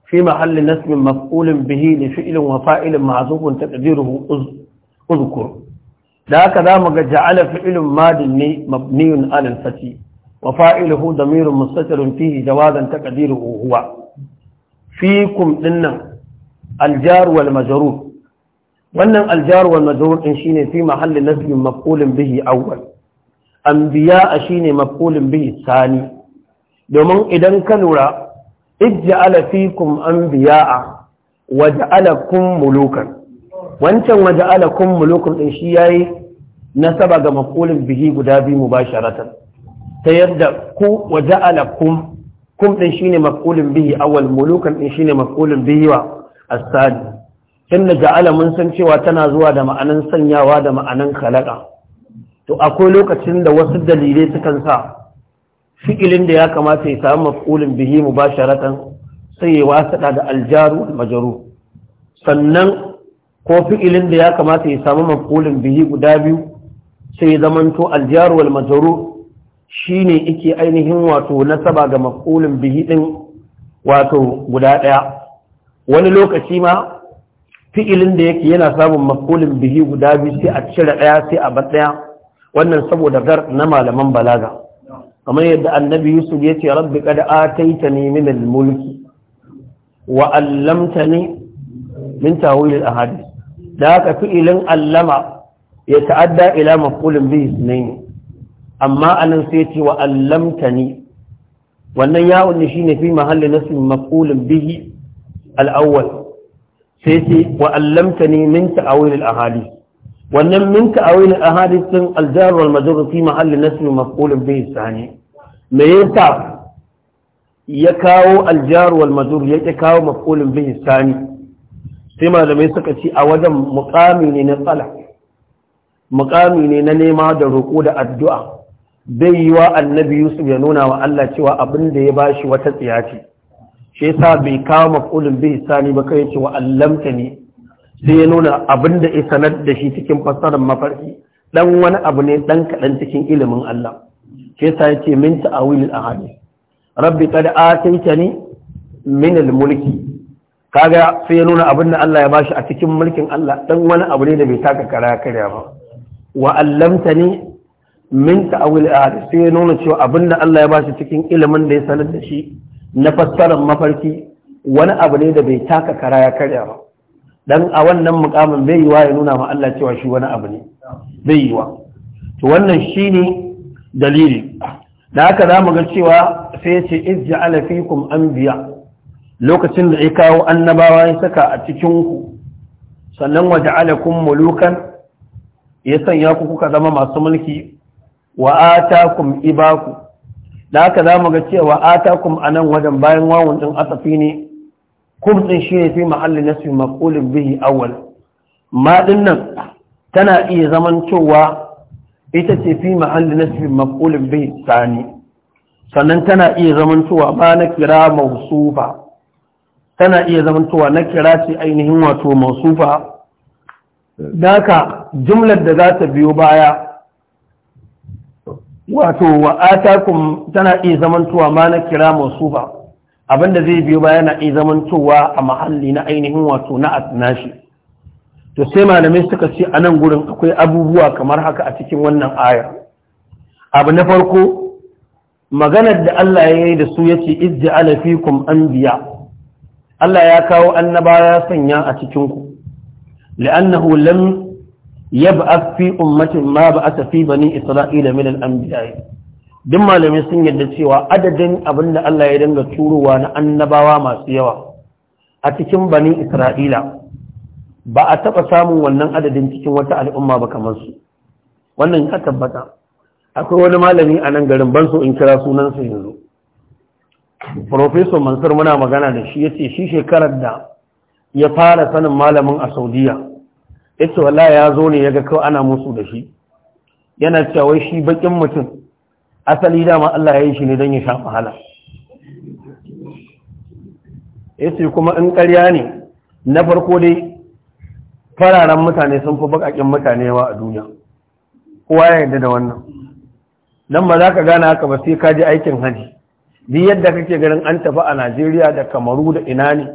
fi mahalli nasbin maf'ulin bihi li fi'lin wa fa'ilin ma'zufun taqdiruhu uzkur da haka zamu ga ja'ala fi'lun madin ne mabniyun ala fati wa fa'iluhu damirun mustatirun fihi jawazan taqdiruhu huwa fikum dinnan al jar wal majrur wannan aljaruwar wal ɗin shi ne fi mahalli nasbin maf'ulin bihi awwal shi ne maf'ulin bihi sani domin idan ka lura ij'ala fikum anbiya'a waj'alakum mulukan wancan waje waj'alakum mulukan ɗin shi ya yi nasaba ga maf'ulin bihi guda biyu ba mubasharatan ta yadda ku waje waj'alakum kum shi ne maf'ulin bihi awwal mulukan din shine maf'ulin bihi wa as-sani Tunda ja'ala mun san cewa tana zuwa da ma'anan sanyawa da ma'anan kalaka to akwai lokacin da wasu dalilai sukan sa fi'ilin da ya kamata ya samu maf'ulin bihi mubasharatan sai ya wasada da aljaru majaru sannan ko fi'ilin da ya kamata ya samu maf'ulin bihi guda biyu sai ya zamanto aljaru wal majaru shine yake ainihin wato nasaba ga maf'ulin bihi din wato guda daya wani lokaci ma fi'ilin da yake yana samun maf'ulin bihi guda biyu sai a cire ɗaya sai a bar ɗaya wannan saboda gar na malaman balaga kamar yadda annabi yusuf ya ce rabbi kada ataita ni min mulki wa allamtani min tawil al ahadith da ka fi'ilin allama ya ta'adda ila maf'ulin bihi ne amma anan sai ce wa allamtani wannan yawon ne shine fi mahalli nasb maf'ulin bihi al awwal sai ce wa ne min ta'awil al wannan min ta'awil al sun? din al-jar wal majrur fi mahalli nasb maf'ul bihi thani me yasa ya kawo al-jar ya majrur kawo maf'ul bihi sani? sai malamai suka ce a wajen muqami ne na tsala muqami ne na nema da roƙo da addu'a bai yi wa annabi yusuf ya nuna wa Allah cewa abin da ya bashi wata tsiya ce shi yasa bai kawo maf'ulun bihi sani ba kai ce wa allamta ne sai ya nuna abin da ya sanar da shi cikin fassarar mafarki dan wani abu ne dan kaɗan cikin ilimin Allah shi yasa ya ce min ta'awil ahadi rabbi qad ataytani min al-mulki kaga sai ya nuna abinda da Allah ya bashi a cikin mulkin Allah dan wani abu ne da bai taka kara karya ba wa allamtani min ta'awil ahadi sai ya nuna cewa abinda da Allah ya bashi cikin ilimin da ya sanar da shi na fassarar mafarki wani abu ne da bai taka kara ya karya ba dan a wannan mukamin bai yiwa ya nuna ma Allah cewa shi wani abu ne bai yiwa to wannan shine dalili da haka za mu ga cewa sai ya ce izja'ala fikum anbiya lokacin da ya kawo annabawa ya saka a cikin ku sannan alakun mulukan ya sanya ku kuka zama masu mulki wa atakum ibaku da haka za mu ga cewa kum a nan wajen bayan wawon ɗin asafi ne kum ɗin shi ne fi mahalli na su maƙulin bihi awal ma ɗin nan tana iya zaman cewa ita ce fi mahalli na su maƙulin bihi sani sannan tana iya zaman cewa ma na kira mausufa tana iya zaman cewa na kira ce ainihin wato mausufa da haka jumlar da za ta biyo baya wato wa atakum tana iya zamantowa ma na kira ba abinda zai biyo ba yana iya zamantowa a mahalli na ainihin wato na atnashi to sai malamai suka ce a nan gurin akwai abubuwa kamar haka a cikin wannan aya abu na farko maganar da Allah ya yi da su ya ce yace alafikum an biya. Allah ya kawo annabawa ya sanya a cikinku. ku li'annahu lam yab'ath fi ummatin ma ba'atha fi bani isra'ila min al-anbiya duk malamai sun yarda cewa adadin abin da Allah ya dinga turowa na annabawa masu yawa a cikin bani isra'ila ba a taɓa samun wannan adadin cikin wata al'umma ba kamar su wannan ya tabbata akwai wani malami a nan garin ban so in kira sunansa yanzu Profesor Mansur muna magana da shi ya ce shi shekarar da ya fara sanin malamin a Saudiya yace wallahi ya zo ne yaga kawai ana musu da shi yana cewa wai shi bakin mutum asali dama Allah ya yi shi ne don ya sha wahala yace kuma in ƙarya ne na farko dai fararen mutane sun fi bakakin mutane yawa a duniya kowa ya yarda da wannan nan ba za ka gane haka ba sai ka ji aikin haji duk yadda kake ganin an tafi a Najeriya da Kamaru da ina ne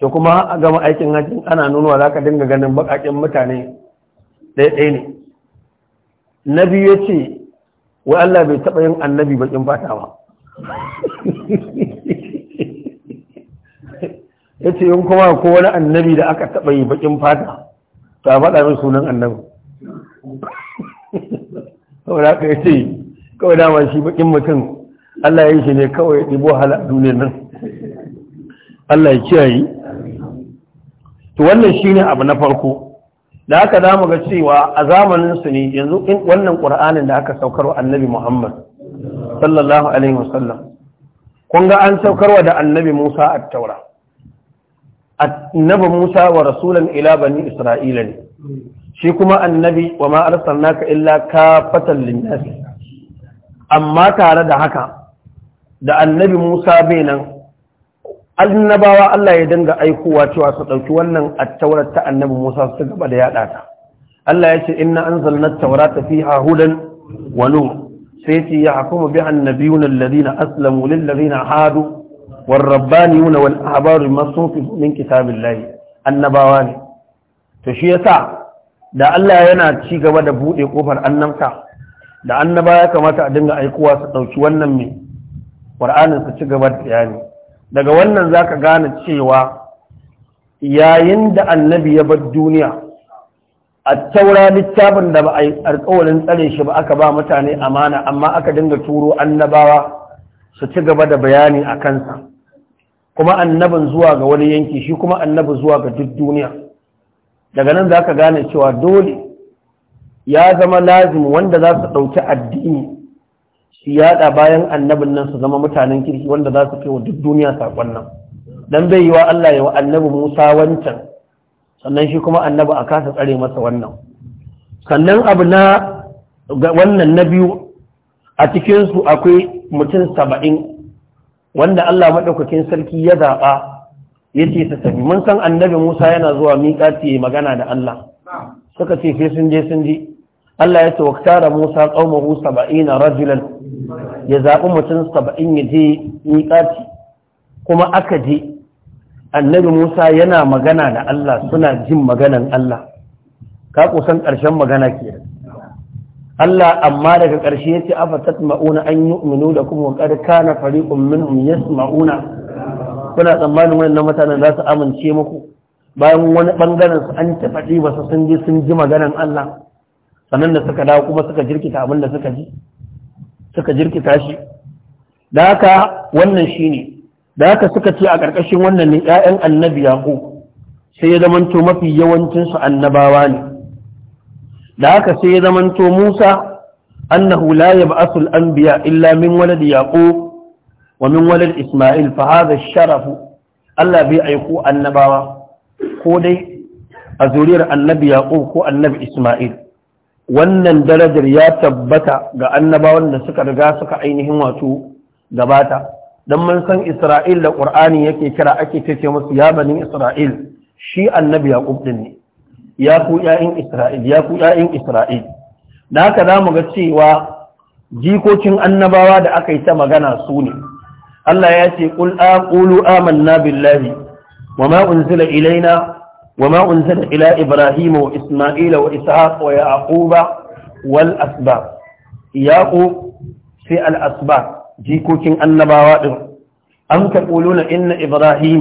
to kuma a gama aikin hajjin ana nunuwa za ka dinga ganin baƙaƙen mutane ɗaya ne na biyu ya ce wa Allah bai taɓa yin annabi baƙin fata ba [laughs] ya ce yin kuma ko wani annabi da aka taɓa yi baƙin fata ta faɗa min sunan annabi kawai [laughs] da aka yi ce kawai dama shi baƙin mutum Allah ya yi shi ne kawai ya ɗibo hala a nan [laughs] Allah ya kiyaye to wannan shine abu na farko da haka za mu ga cewa a zamanin su ne yanzu wannan qur'anin da aka saukar wa annabi muhammad sallallahu alaihi wasallam kun ga an saukar wa da annabi musa at-taura annabi musa wa rasulan ila bani isra'ila ne shi kuma annabi wa ma arsalnaka illa kafatan lin amma tare da haka da annabi musa bai nan annabawa Allah ya dinga aikowa cewa su ɗauki wannan attaurar ta annabi Musa su gaba da yaɗa ta Allah ya ce inna anzalna at-taurata fiha hudan wa nur sai ce ya hukumu bi annabiyuna alladhina aslamu lil ladina hadu war wani wal ahbaru masufi min kitabillahi annabawa ne to shi sa da Allah yana ci gaba da buɗe kofar annabta da annaba ya kamata a dinga aikowa su ɗauki wannan mai ƙur'anin su ci gaba da bayani daga wannan za ka gane cewa yayin da annabi ya bar duniya a taura littafin da ba a yi alkawarin tsare shi ba aka ba mutane amana amma aka dinga turo annabawa su ci gaba da bayani a kansa kuma annabin zuwa ga wani yanki shi kuma annabi zuwa ga duk duniya daga nan za ka gane cewa dole ya zama lazimi wanda za su ɗauki addini su yada bayan annabin nan su zama mutanen kirki wanda za su kai wa duk duniya saƙon nan dan bai yi wa Allah ya wa annabi Musa wancan sannan shi kuma annabi a kasa tsare masa wannan sannan abu na wannan na biyu a cikinsu akwai mutum saba'in wanda Allah maɗaukakin sarki ya zaɓa ya ce ta sami mun san annabi Musa yana zuwa miƙa ce magana da Allah suka ce sai sun je sun je Allah ya ce wa tara Musa ƙaumahu saba'ina rajulan ya zaɓi mutum saba'in ya je miƙaci kuma aka je annabi musa yana magana da allah suna jin maganan allah ka kusan ƙarshen magana ke allah amma daga ƙarshe ya ce afa ma'una an yi uminu da kuma ƙar kana fariƙun minhum ma'una. kuna tsammanin wani na mutanen za su amince muku bayan wani bangaren su an tafaɗi ba su sun ji sun ji maganan allah sannan da suka dawo kuma suka jirkita abin da suka ji suka jirkita shi da haka wannan ne. da haka suka ce a ƙarƙashin wannan ne ƴaƴan annabi yaqub sai ya zamanto mafi yawancin su annabawa ne da haka sai ya zamanto musa annahu la yab'asul anbiya illa min walad yaƙo wa min walad isma'il fa haza sharafu Allah bai aiko annabawa ko dai a zuriyar annabi yaƙo ko annabi isma'il wannan darajar ya tabbata ga annabawan da suka riga suka ainihin wato gabata dan mun san Isra'il da ƙur'ani yake kira ake ce musu ya bani Isra'il shi annabi Yaqub din ne ya ku ƴaƴan Isra'il ya ku ƴaƴan Isra'il da haka ga cewa jikokin annabawa da aka yi ta magana su ne Allah ya ce qul aqulu amanna billahi wa ma unzila ilaina وما أنزل إلى إبراهيم وإسماعيل وإسحاق ويعقوب والأسباب يعقوب في الأسباب جيكوكين النباوات أم تقولون إن إبراهيم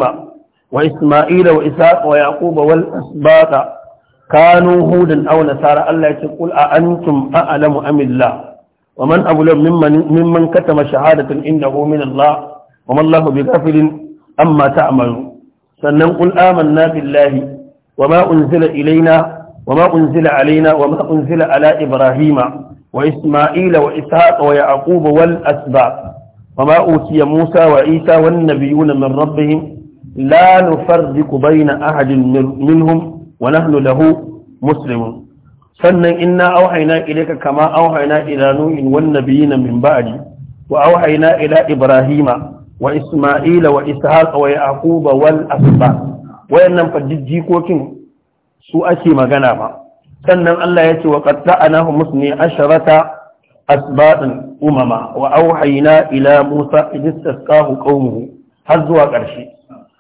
وإسماعيل وإسحاق ويعقوب والأسباب كانوا هودا أو نصارى الله تقول أأنتم أعلم أم الله ومن أظلم ممن, ممن كتم شهادة إنه من الله وما الله بغافل أما تعملون sannan kul amanna billahi وما أنزل إلينا وما أنزل علينا وما أنزل على إبراهيم وإسماعيل وإسحاق ويعقوب والأسباط وما أوتي موسى وعيسى والنبيون من ربهم لا نفرق بين أحد منهم ونحن له مسلمون sannan inna auhayna ilayka kama auhayna ila nuhin wan nabiyina min ba'di wa auhayna ila ibrahima wa isma'ila wa ishaq wa yaquba wal asbab nan fa jikokin su ake magana ba sannan Allah ya ce wa qad ne musni asharata asbatan umama wa auhayna ila musa idistasqahu qaumuhu har zuwa ƙarshe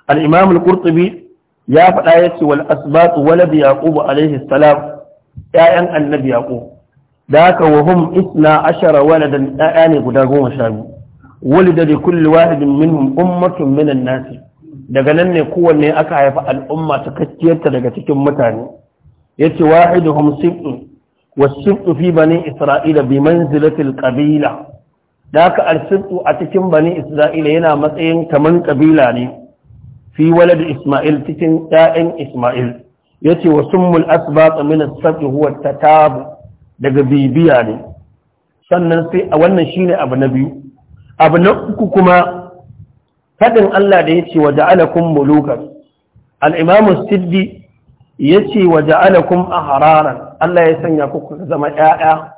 al-imam al-qurtubi ya faɗa ya ce wal asbat walad yaqub alaihi salam 'ya'yan annabi yaqub da haka wa hum isna ashara waladan 'ya'ya ne guda goma sha biyu ولد لكل واحد منهم أمة من الناس daga nan ne kowanne aka haifa al'umma ta daga cikin mutane ya ce wahiduhum sibtun wasibtu fi bani isra'ila bi manzilatil qabila da aka alsibtu a cikin bani isra'ila yana matsayin kaman kabila ne fi walad isma'il cikin 'ya'yan isma'il yace wa summul asbaq min as-sabt huwa tatab daga bibiya ne sannan sai a wannan shine abu na biyu abu na uku kuma faɗin Allah da ya ce wa ja'alakum mulukan al-imamu siddi ya ce wa ja'alakum hararan Allah ya sanya kuka zama 'ya'ya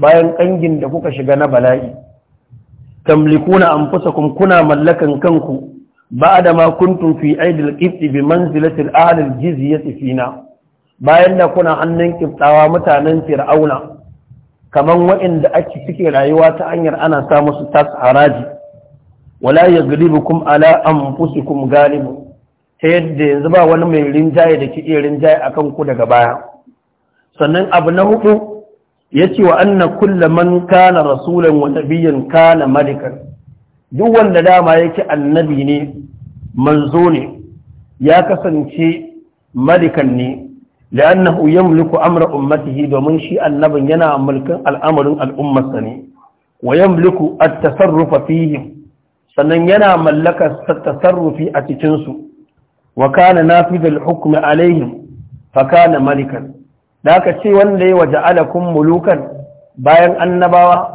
bayan ƙangin da kuka shiga na bala'i tamlikuna anfusakum kuna mallakan kanku ba'da ma kuntum fi aidil qibti bi manzilati al-ahli al-jizyati fina bayan da kuna hannun kibtawa mutanen fir'auna kaman waɗanda ake cikin rayuwa ta hanyar ana sa musu tas haraji wala yaghlibukum ala anfusikum galibu ta yadda yanzu ba wani mai rinjaye da ke iya rinjaye a kanku daga baya sannan abu na hudu ce wa anna kullu man kana rasulan wa nabiyyan kana malikan duk wanda dama yake annabi ne manzo ne ya kasance malikan ne لأنه يملك أمر أمته ومن شيء النبي ينا ملك الأمر الأمة سني ويملك التصرف فيهم sannan yana mallakar tasarrufi a cikinsu wa kana nafidul hukm alaihim fa kana malikan da aka ce wanda ya waja'alakum mulukan bayan annabawa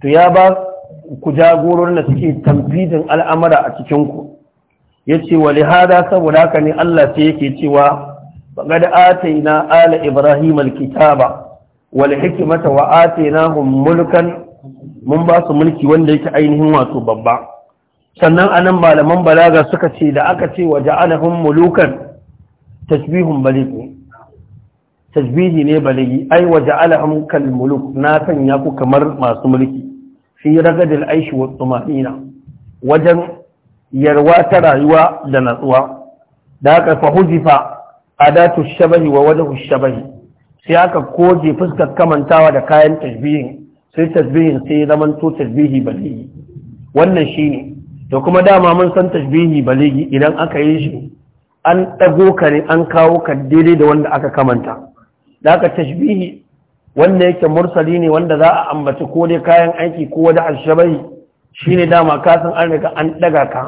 to ya ba ku jagororin da suke tamfidin al'amara a cikin ku yace wa lihada saboda haka ne Allah sai yake cewa da ataina ala ibrahim alkitaba wal hikmata wa atainahum mulkan mun ba su mulki wanda yake ainihin wato babba sannan anan malaman balaga suka ce da aka ce wa ja'alahum mulukan tasbihun baligi tasbihi ne baligi ai wa ja'alahum kal muluk na sanya ku kamar masu mulki fi ragadil aishi wa tumanina wajen yarwa ta rayuwa da natsuwa da aka fa hujifa adatu shabahi wa wajhu shabahi sai aka koje fuskar kamantawa da kayan tasbihin sai tasbihin sai zaman to tasbihi baligi wannan shine Da kuma dama mun san tashbihi baligi idan aka yi shi an ɗago ka ne an kawo ka daidai da wanda aka kamanta da aka tashbihi wanda yake mursali ne wanda za a ambaci ko dai kayan aiki ko wani alshabai shine dama ka san an riga an ɗaga ka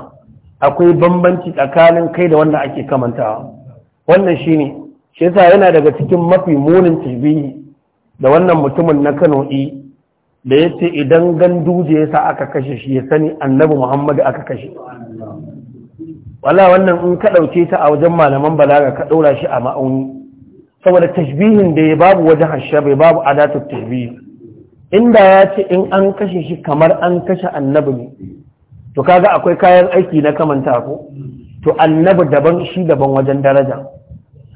akwai bambanci tsakanin kai da wanda ake kamantawa wannan shine shi yasa yana daga cikin mafi munin tashbihi da wannan mutumin na Kano da ya ce idan da ya sa aka kashe shi ya sani annabi muhammadu aka kashe wala wannan in ka ɗauke ta a wajen malaman balaga ka ɗora shi a ma'auni saboda tashbihin da ya babu wajen bai babu adatu tashbihi inda ya ce in an kashe shi kamar an kashe annabi ne to kaga akwai kayan aiki na kamanta ko to annabi daban shi daban wajen daraja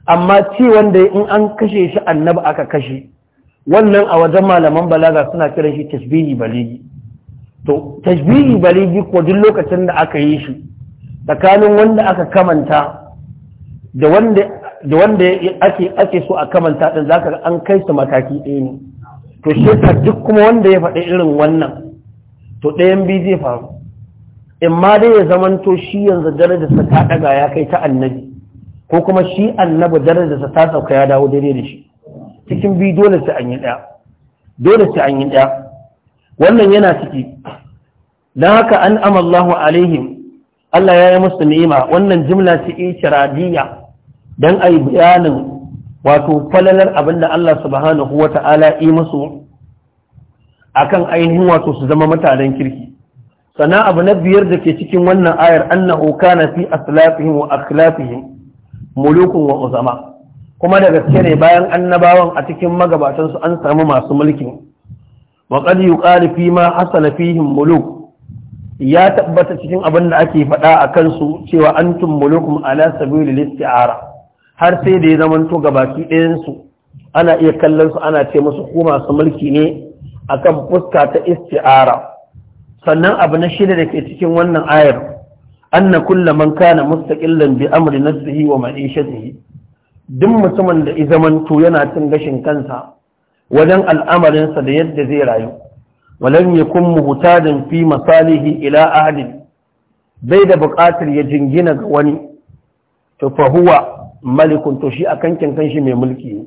amma ce wanda in an kashe shi annabi aka kashe wannan a wajen malaman balaga suna kiran shi tasbihi baligi to tasbihi baligi ko duk lokacin da aka yi shi tsakanin wanda aka kamanta da wanda da wanda ake ake so a kamanta din zaka ga an kai su mataki ɗaya ne to shi duk kuma wanda ya faɗi irin wannan to ɗayan biyu zai faru in ma dai ya zamanto shi yanzu sa ta ɗaga ya kai ta annabi ko kuma shi annabi sa ta sauka ya dawo daidai da shi cikin biyu dole sai an yi ɗaya dole sai an yi ɗaya wannan yana ciki don haka an amallahu alaihim Allah ya yi musu ni'ima wannan jimla ce ishiradiyya don ayi bayanin wato falalar abin da Allah subhanahu wa ta'ala yi musu akan ainihin wato su zama mutanen kirki sana abu na biyar da ke cikin wannan ayar annahu kana fi aslafihim wa akhlafihim mulukun wa uzama kuma da gaske ne bayan annabawan a cikin magabatansu an samu masu mulkin wa qad yuqalu fi ma hasala fihin muluk ya tabbata cikin abin da ake faɗa a kansu cewa antum mulukum ala sabili listi'ara har sai da ya zaman to gabaki ɗayan su ana iya kallon su ana ce musu ko masu mulki ne akan fuska ta isti'ara sannan abu na shida da ke cikin wannan ayar anna kullu man kana mustaqillan bi amri nafsihi wa ma'ishatihi duk mutumin da izamanto yana cin gashin kansa wajen al'amarinsa da yadda zai rayu walan yakun muhtadin fi masalihi ila ahli bai da buƙatar ya jingina ga wani to fa huwa malikun to shi akan kin kanshi mai mulki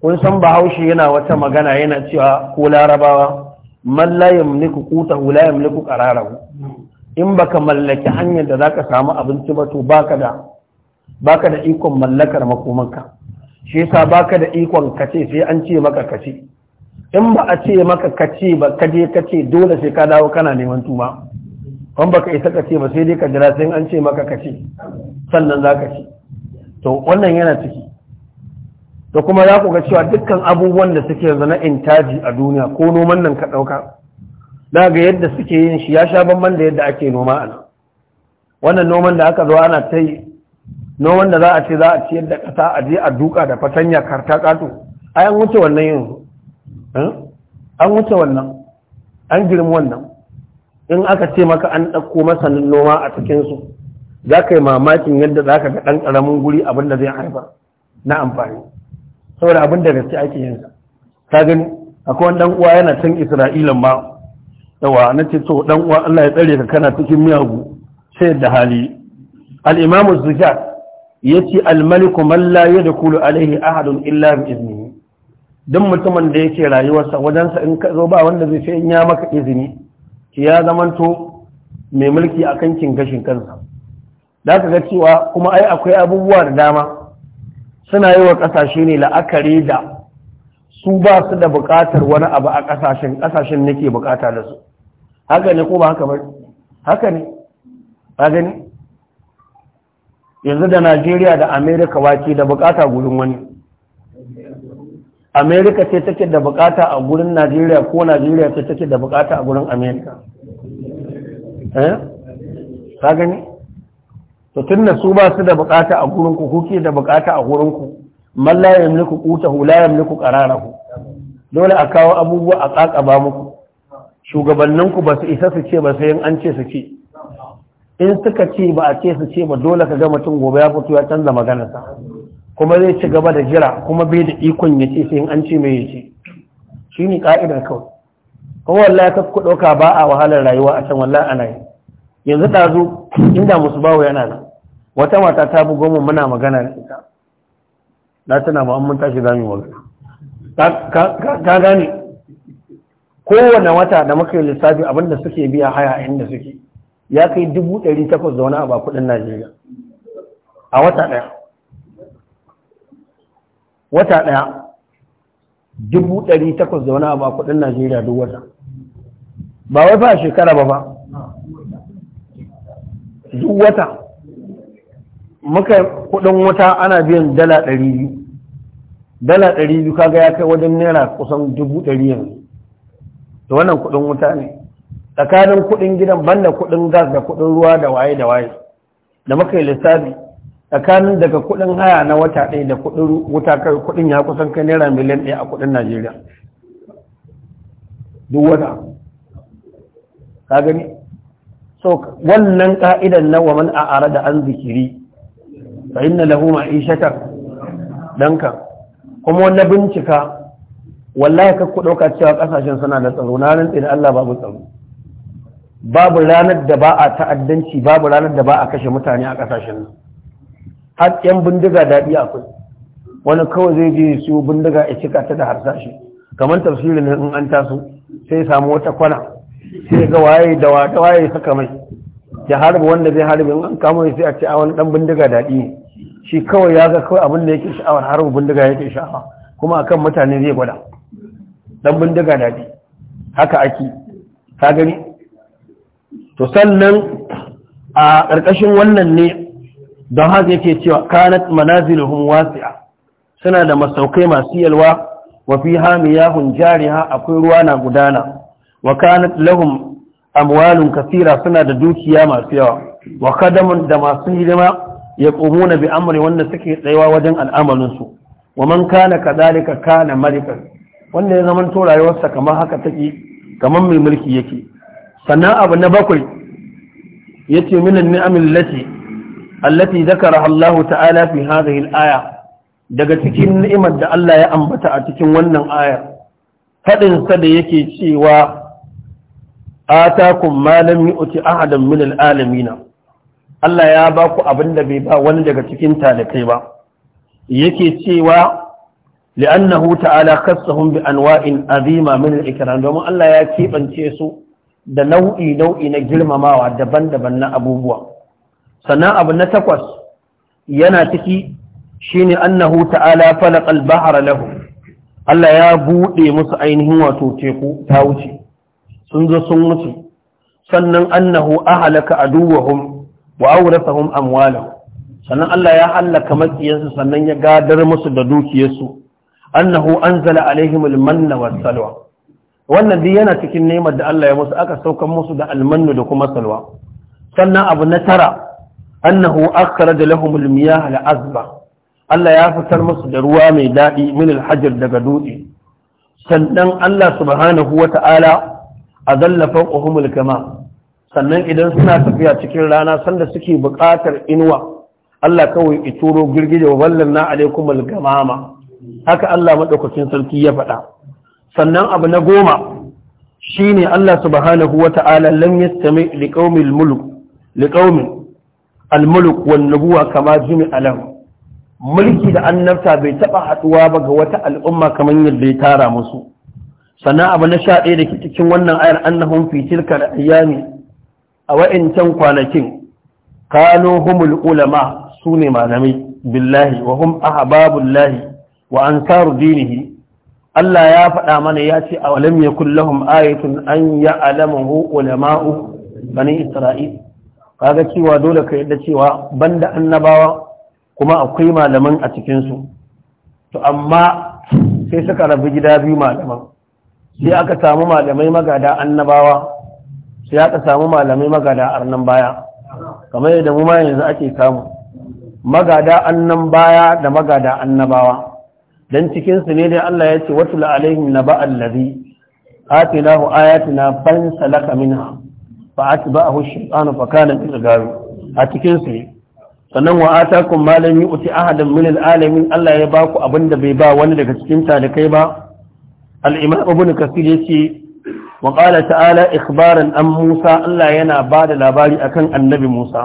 kun san bahaushe yana wata magana yana cewa ko larabawa man la yamliku qutahu la yamliku qararahu in baka mallaki hanyar da zaka samu abinci ba to baka da baka da ikon mallakar makomanka shi yasa baka da ikon kace sai an ce maka kace in ba a ce maka kace ba ka je kace dole sai ka dawo kana neman tuma wan baka isa kace ba sai dai ka jira sai an ce maka kace sannan za ka ci to wannan yana ciki to kuma za ku ga cewa dukkan abubuwan da suke yanzu na intaji a duniya ko noman nan ka ɗauka da ga yadda suke yin shi ya sha bamban da yadda ake noma a nan wannan noman da aka zo ana ta yi noman da za a ce za a ciyar da ƙasa a je a duka da fatanya karta ƙato ai an wuce wannan yanzu eh? an wuce wannan an girma wannan in aka ce maka an ɗauko masanin noma a cikinsu za ka yi mamakin yadda za ka ga ɗan ƙaramin guri abin da zai haifar na amfani saboda abin da gaske ake yin sa ka gani akwai wani ɗan uwa yana can isra'ila ma yawa na ce to ɗan uwa allah ya tsare ka kana cikin miyagu sai da hali al-imamu zujat yace al-maliku man la yadkhulu alayhi ahadun illa bi iznihi dan mutumin da yake rayuwarsa sa in ka zo ba wanda zai sai in ya maka izini ki ya zamanto mai mulki akan kin gashin kansa da ka ga cewa kuma ai akwai abubuwa da dama suna yi wa kasashe ne la'akari da su ba su da buƙatar wani abu a kasashen kasashen nake buƙata da su haka ne ko ba haka ba haka ne ba gani yanzu da najeriya da amerika wake da bukata gurin wani amerika ce take da bukata a gurin najeriya ko najeriya ce take da bukata a gurin amerika eh ka gani to tunda su ba su da bukata a gurin ku kuke da bukata a gurin ku man la yamliku qutahu la yamliku qararahu dole a kawo abubuwa a ba muku shugabanninku ba su isa su ce ba sai an ce su ce in suka ce ba a ce su ce ba dole ka ga mutum gobe ya fito ya canza maganarsa kuma zai ci gaba da jira kuma bai da ikon ya ce sai an ce mai ya ce shi ne ka'idar kawai kuma wallahi ka ku ɗauka ba a wahalar rayuwa a can wallahi ana yi yanzu ɗazu inda musu bawo yana nan wata mata ta bugo mu muna magana da ita na tana ba mun tashi zamu magana ka gane kowane wata da muka yi lissafi abinda suke biya haya inda suke ya kai dubu ɗari takwas da wani abu a kuɗin najeriya a wata ɗaya wata ɗaya dubu ɗari takwas da wani abu a kuɗin najeriya duk wata ba wai ba shekara ba ba duk wata muka kuɗin wata ana biyan dala ɗari biyu dala ɗari biyu kaga ya kai wajen naira kusan dubu ɗari yanzu da wannan kuɗin wuta ne tsakanin kuɗin gidan banda kuɗin gas da kuɗin ruwa da waye da waye da muka yi lissafi tsakanin daga kuɗin haya na wata ɗaya da kuɗin wuta kai kuɗin ya kusan kai naira miliyan ɗaya a kuɗin najeriya duk wata ka gani so wannan ka'idan na wa man a'ara da an zikiri fa inna lahu ma'ishatan danka kuma wannan bincika wallahi ka ku dauka cewa kasashen suna da tsaro na rantsi da Allah babu tsaro babu ranar da ba a ta'addanci babu ranar da ba a kashe mutane a ƙasashen nan har yan bindiga daɗi akwai wani kawai zai je su bindiga ya cika ta da harsashi kamar tafsirin in an taso sai samu wata kwana sai ga waye da wata waye saka mai ya harbi wanda zai harbi in an kama sai a ce a wani dan bindiga daɗi ne shi kawai ya ga kawai abin da yake sha'awar harbi bindiga yake sha'awa kuma akan mutane zai gwada dan bindiga daɗi haka ake ka gani to sannan a ƙarƙashin wannan ne don haka yake cewa kanat manaziluhum wasi'a suna da masaukai masu yalwa wa fi hamiyahun jariha akwai ruwa na gudana wa kanat lahum amwalun kasira suna da dukiya masu yawa wa kadamun da masu hidima ya ƙumuna bi amri wanda suke tsayawa wajen al'amalinsu wa man kana kadalika kana malikan wanda ya zama to rayuwarsa kamar haka take kamar mai mulki yake sannan abu na bakwai yace minan ni'amil lati allati zakaraha Allahu ta'ala fi hadhihi al-aya daga cikin ni'imar da Allah ya ambata a cikin wannan ayar sa da yake cewa atakum ma lam yu'ti ahadan min al-alamin Allah ya ba ku abin da bai ba wani daga cikin talakai ba yake cewa li'annahu ta'ala khassahum bi anwa'in azima min al-ikram domin Allah ya kebance su da nau'i nau'i na girmamawa daban-daban na abubuwa sannan abu na takwas yana ciki shine annahu ta'ala falaqal bahra lahu Allah ya buɗe musu ainihin wato teku ta wuce sun zo sun mutu. sannan annahu ahlaka aduwahum wa awrathahum amwalahum sannan Allah ya halaka makiyansu sannan ya gadar musu da dukiyarsu annahu anzala alaihim almanna wassalwa wannan duk yana cikin nemar da Allah ya musu aka saukan musu da almannu da kuma salwa sannan abu na tara annahu akhraj lahum al azba Allah ya fitar musu da ruwa mai daɗi min alhajar daga dutse sannan Allah subhanahu wata'ala azalla fawqahum alkama sannan idan suna tafiya cikin rana sanda suke buƙatar inuwa Allah kawai ituro girgije wa na alaikum algamama haka Allah madaukakin sarki ya faɗa sannan abu na goma shine Allah subhanahu wata'ala lam yastami liqaumil mulk al muluk Wannabuwa, kama jimi alam mulki da annabta bai taba haɗuwa ba ga wata al'umma kamar yadda ya tara musu sannan abu na sha ɗaya da cikin wannan ayar annahun fi da ayyami a wa'incan kwanakin kano humul ulama su ne malamai billahi wa hum ahbabullahi wa ansaru dinihi Allah ya faɗa mana ya ce a walam kulle lahum ayatun an ya'lamuhu ulama'u bani isra'il kaga cewa dole ka yadda cewa banda annabawa kuma akwai malaman a cikin su to amma sai suka rabu gida biyu malaman sai aka samu malamai magada annabawa sai aka samu malamai magada arnan baya kamar yadda mu ma yanzu ake samu magada annan baya da magada annabawa dan cikin su ne dai Allah ya ce watul alaihim naba allazi atinahu ayatina ban salaka minha fa atba'ahu ash-shaytanu fa kana tilgawi a cikin su ne sannan wa atakum ma lam yu'ti ahadan min al Allah ya ba ku abinda bai ba wani daga cikin talikai ba al-imam ibn kasir yace wa qala ta'ala ikhbaran an Musa Allah yana ba da labari akan annabi Musa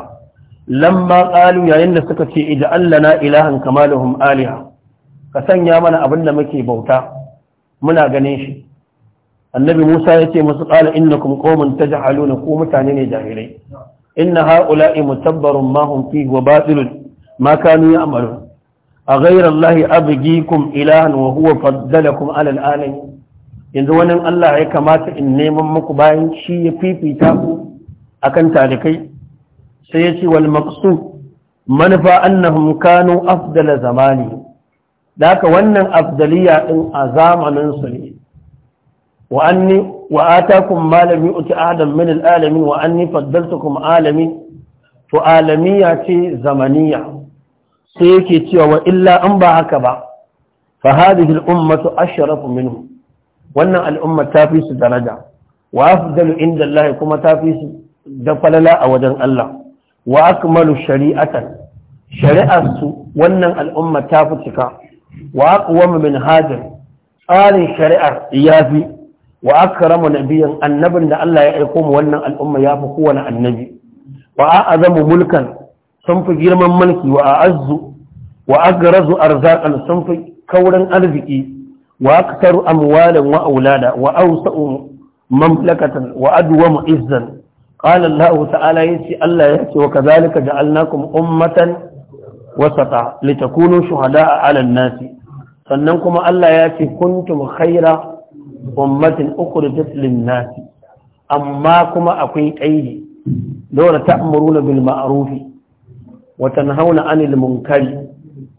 lamma qalu yayin da suka ce ij'al lana ilahan kama lahum aliha ka sanya mana abin da muke bauta muna ganin shi annabi Musa ya ce masu musu komin ta qaumun haluna ko mutane ne jahilai inna haula'i mutabbarun ma hum fihi wa batilun ma kanu ya'malun a ghayra allahi abghikum ilahan wa huwa faddalakum 'ala al-alamin yanzu wani Allah ya kamata in neman muku bayan shi ya fifita ku akan talikai sai ya ce wal maqsud manufa annahum kanu afdala zamani da haka wannan afdaliya din a zamanin su ne wa anni wa atakum malami uti adam min alalamin wa anni faddaltukum alamin to alamiya ce zamaniya sai yake cewa wa illa an ba haka ba fa hadhihi al-ummatu ashrafu minhu wannan al'umma ta fi su daraja wa afdalu inda Allah kuma ta fi su da falala a wajen Allah wa akmalu shari'atan shari'ar su wannan al'umma ta fi cika wa aqwamu min hajar tsarin shari'ar yafi wa akramu nabiyan annabin da Allah ya aiko mu wannan al'umma yafi kowane annabi wa a'azamu mulkan sun fi girman mulki wa a'azzu wa agrazu arzaqan sun fi kaurin arziki wa aktaru amwalan wa aulada wa awsa'u mamlakatan wa adwamu izzan qala Allah ta'ala yace Allah yace wa kadhalika ja'alnakum ummatan wasata litakunu shuhada'a 'alan nasi sannan kuma Allah ya ce kuntum khaira ummatin ukhrijat lin-nasi amma kuma akwai qaidi dole ta'muruna bil ma'ruf wa tanhauna 'anil munkari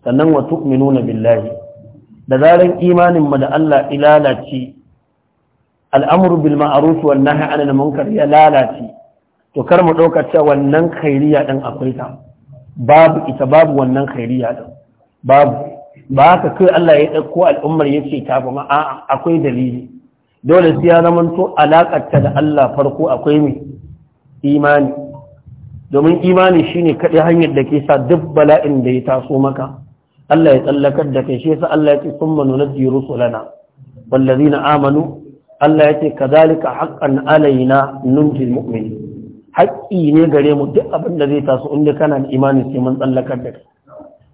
sannan wa tu'minuna billahi da zaran imanin mu da Allah ilalaci al'amru bil ma'ruf wan nahyi 'anil munkari ya lalaci to kar mu dauka cewa wannan khairiya din akwai ta babu ita babu wannan kairiya din babu ba haka kai Allah ya ɗauko al'ummar ya ce ta kuma a'a akwai dalili dole sai ya zamanto alakarta da Allah farko akwai mai imani domin imani shine kaɗai hanyar da ke sa duk bala'in da ya taso maka Allah ya tsallakar da kai shi yasa Allah ya ce summa nunajji rusulana wallazina amanu Allah ya ce kazalika haqqan alaina nunjil mu'minin haƙƙi ne gare mu duk abin da zai taso inda kana da imani sai mun tsallakar da kai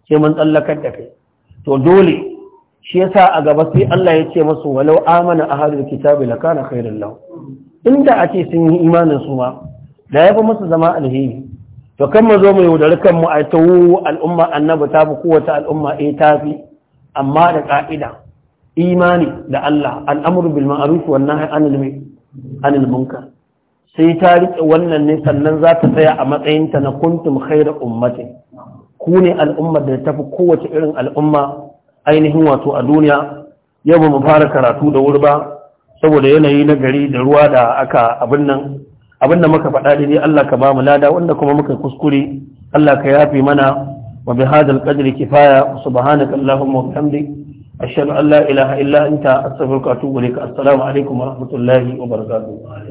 sai mun tsallakar da kai to dole shi yasa a gaba sai Allah ya ce masu walau amana ahlul kitabi lakana khairul lahu inda a ce sun yi imanin su ma da ya fi musu zama alheri to kan mu zo mu yaudari kan mu a al'umma annabi ta fi kowace al'umma eh ta fi amma da ka'ida imani da Allah al'amru bil ma'ruf wan nahy anil munkar sai ta riƙe wannan ne sannan za ta tsaya a matsayinta na kuntum khairu ummatin ku ne al'ummar da tafi kowace irin al'umma ainihin wato a duniya yau ba mu fara karatu da wuri ba saboda yanayi na gari da ruwa da aka abin nan abin da muka faɗa dai Allah ka bamu lada wanda kuma muka kuskure Allah ka yafi mana wa bi qadri kifaya subhanaka allahumma wa bihamdik ashhadu an la ilaha illa anta astaghfiruka wa atubu ilaik assalamu alaikum wa rahmatullahi wa barakatuh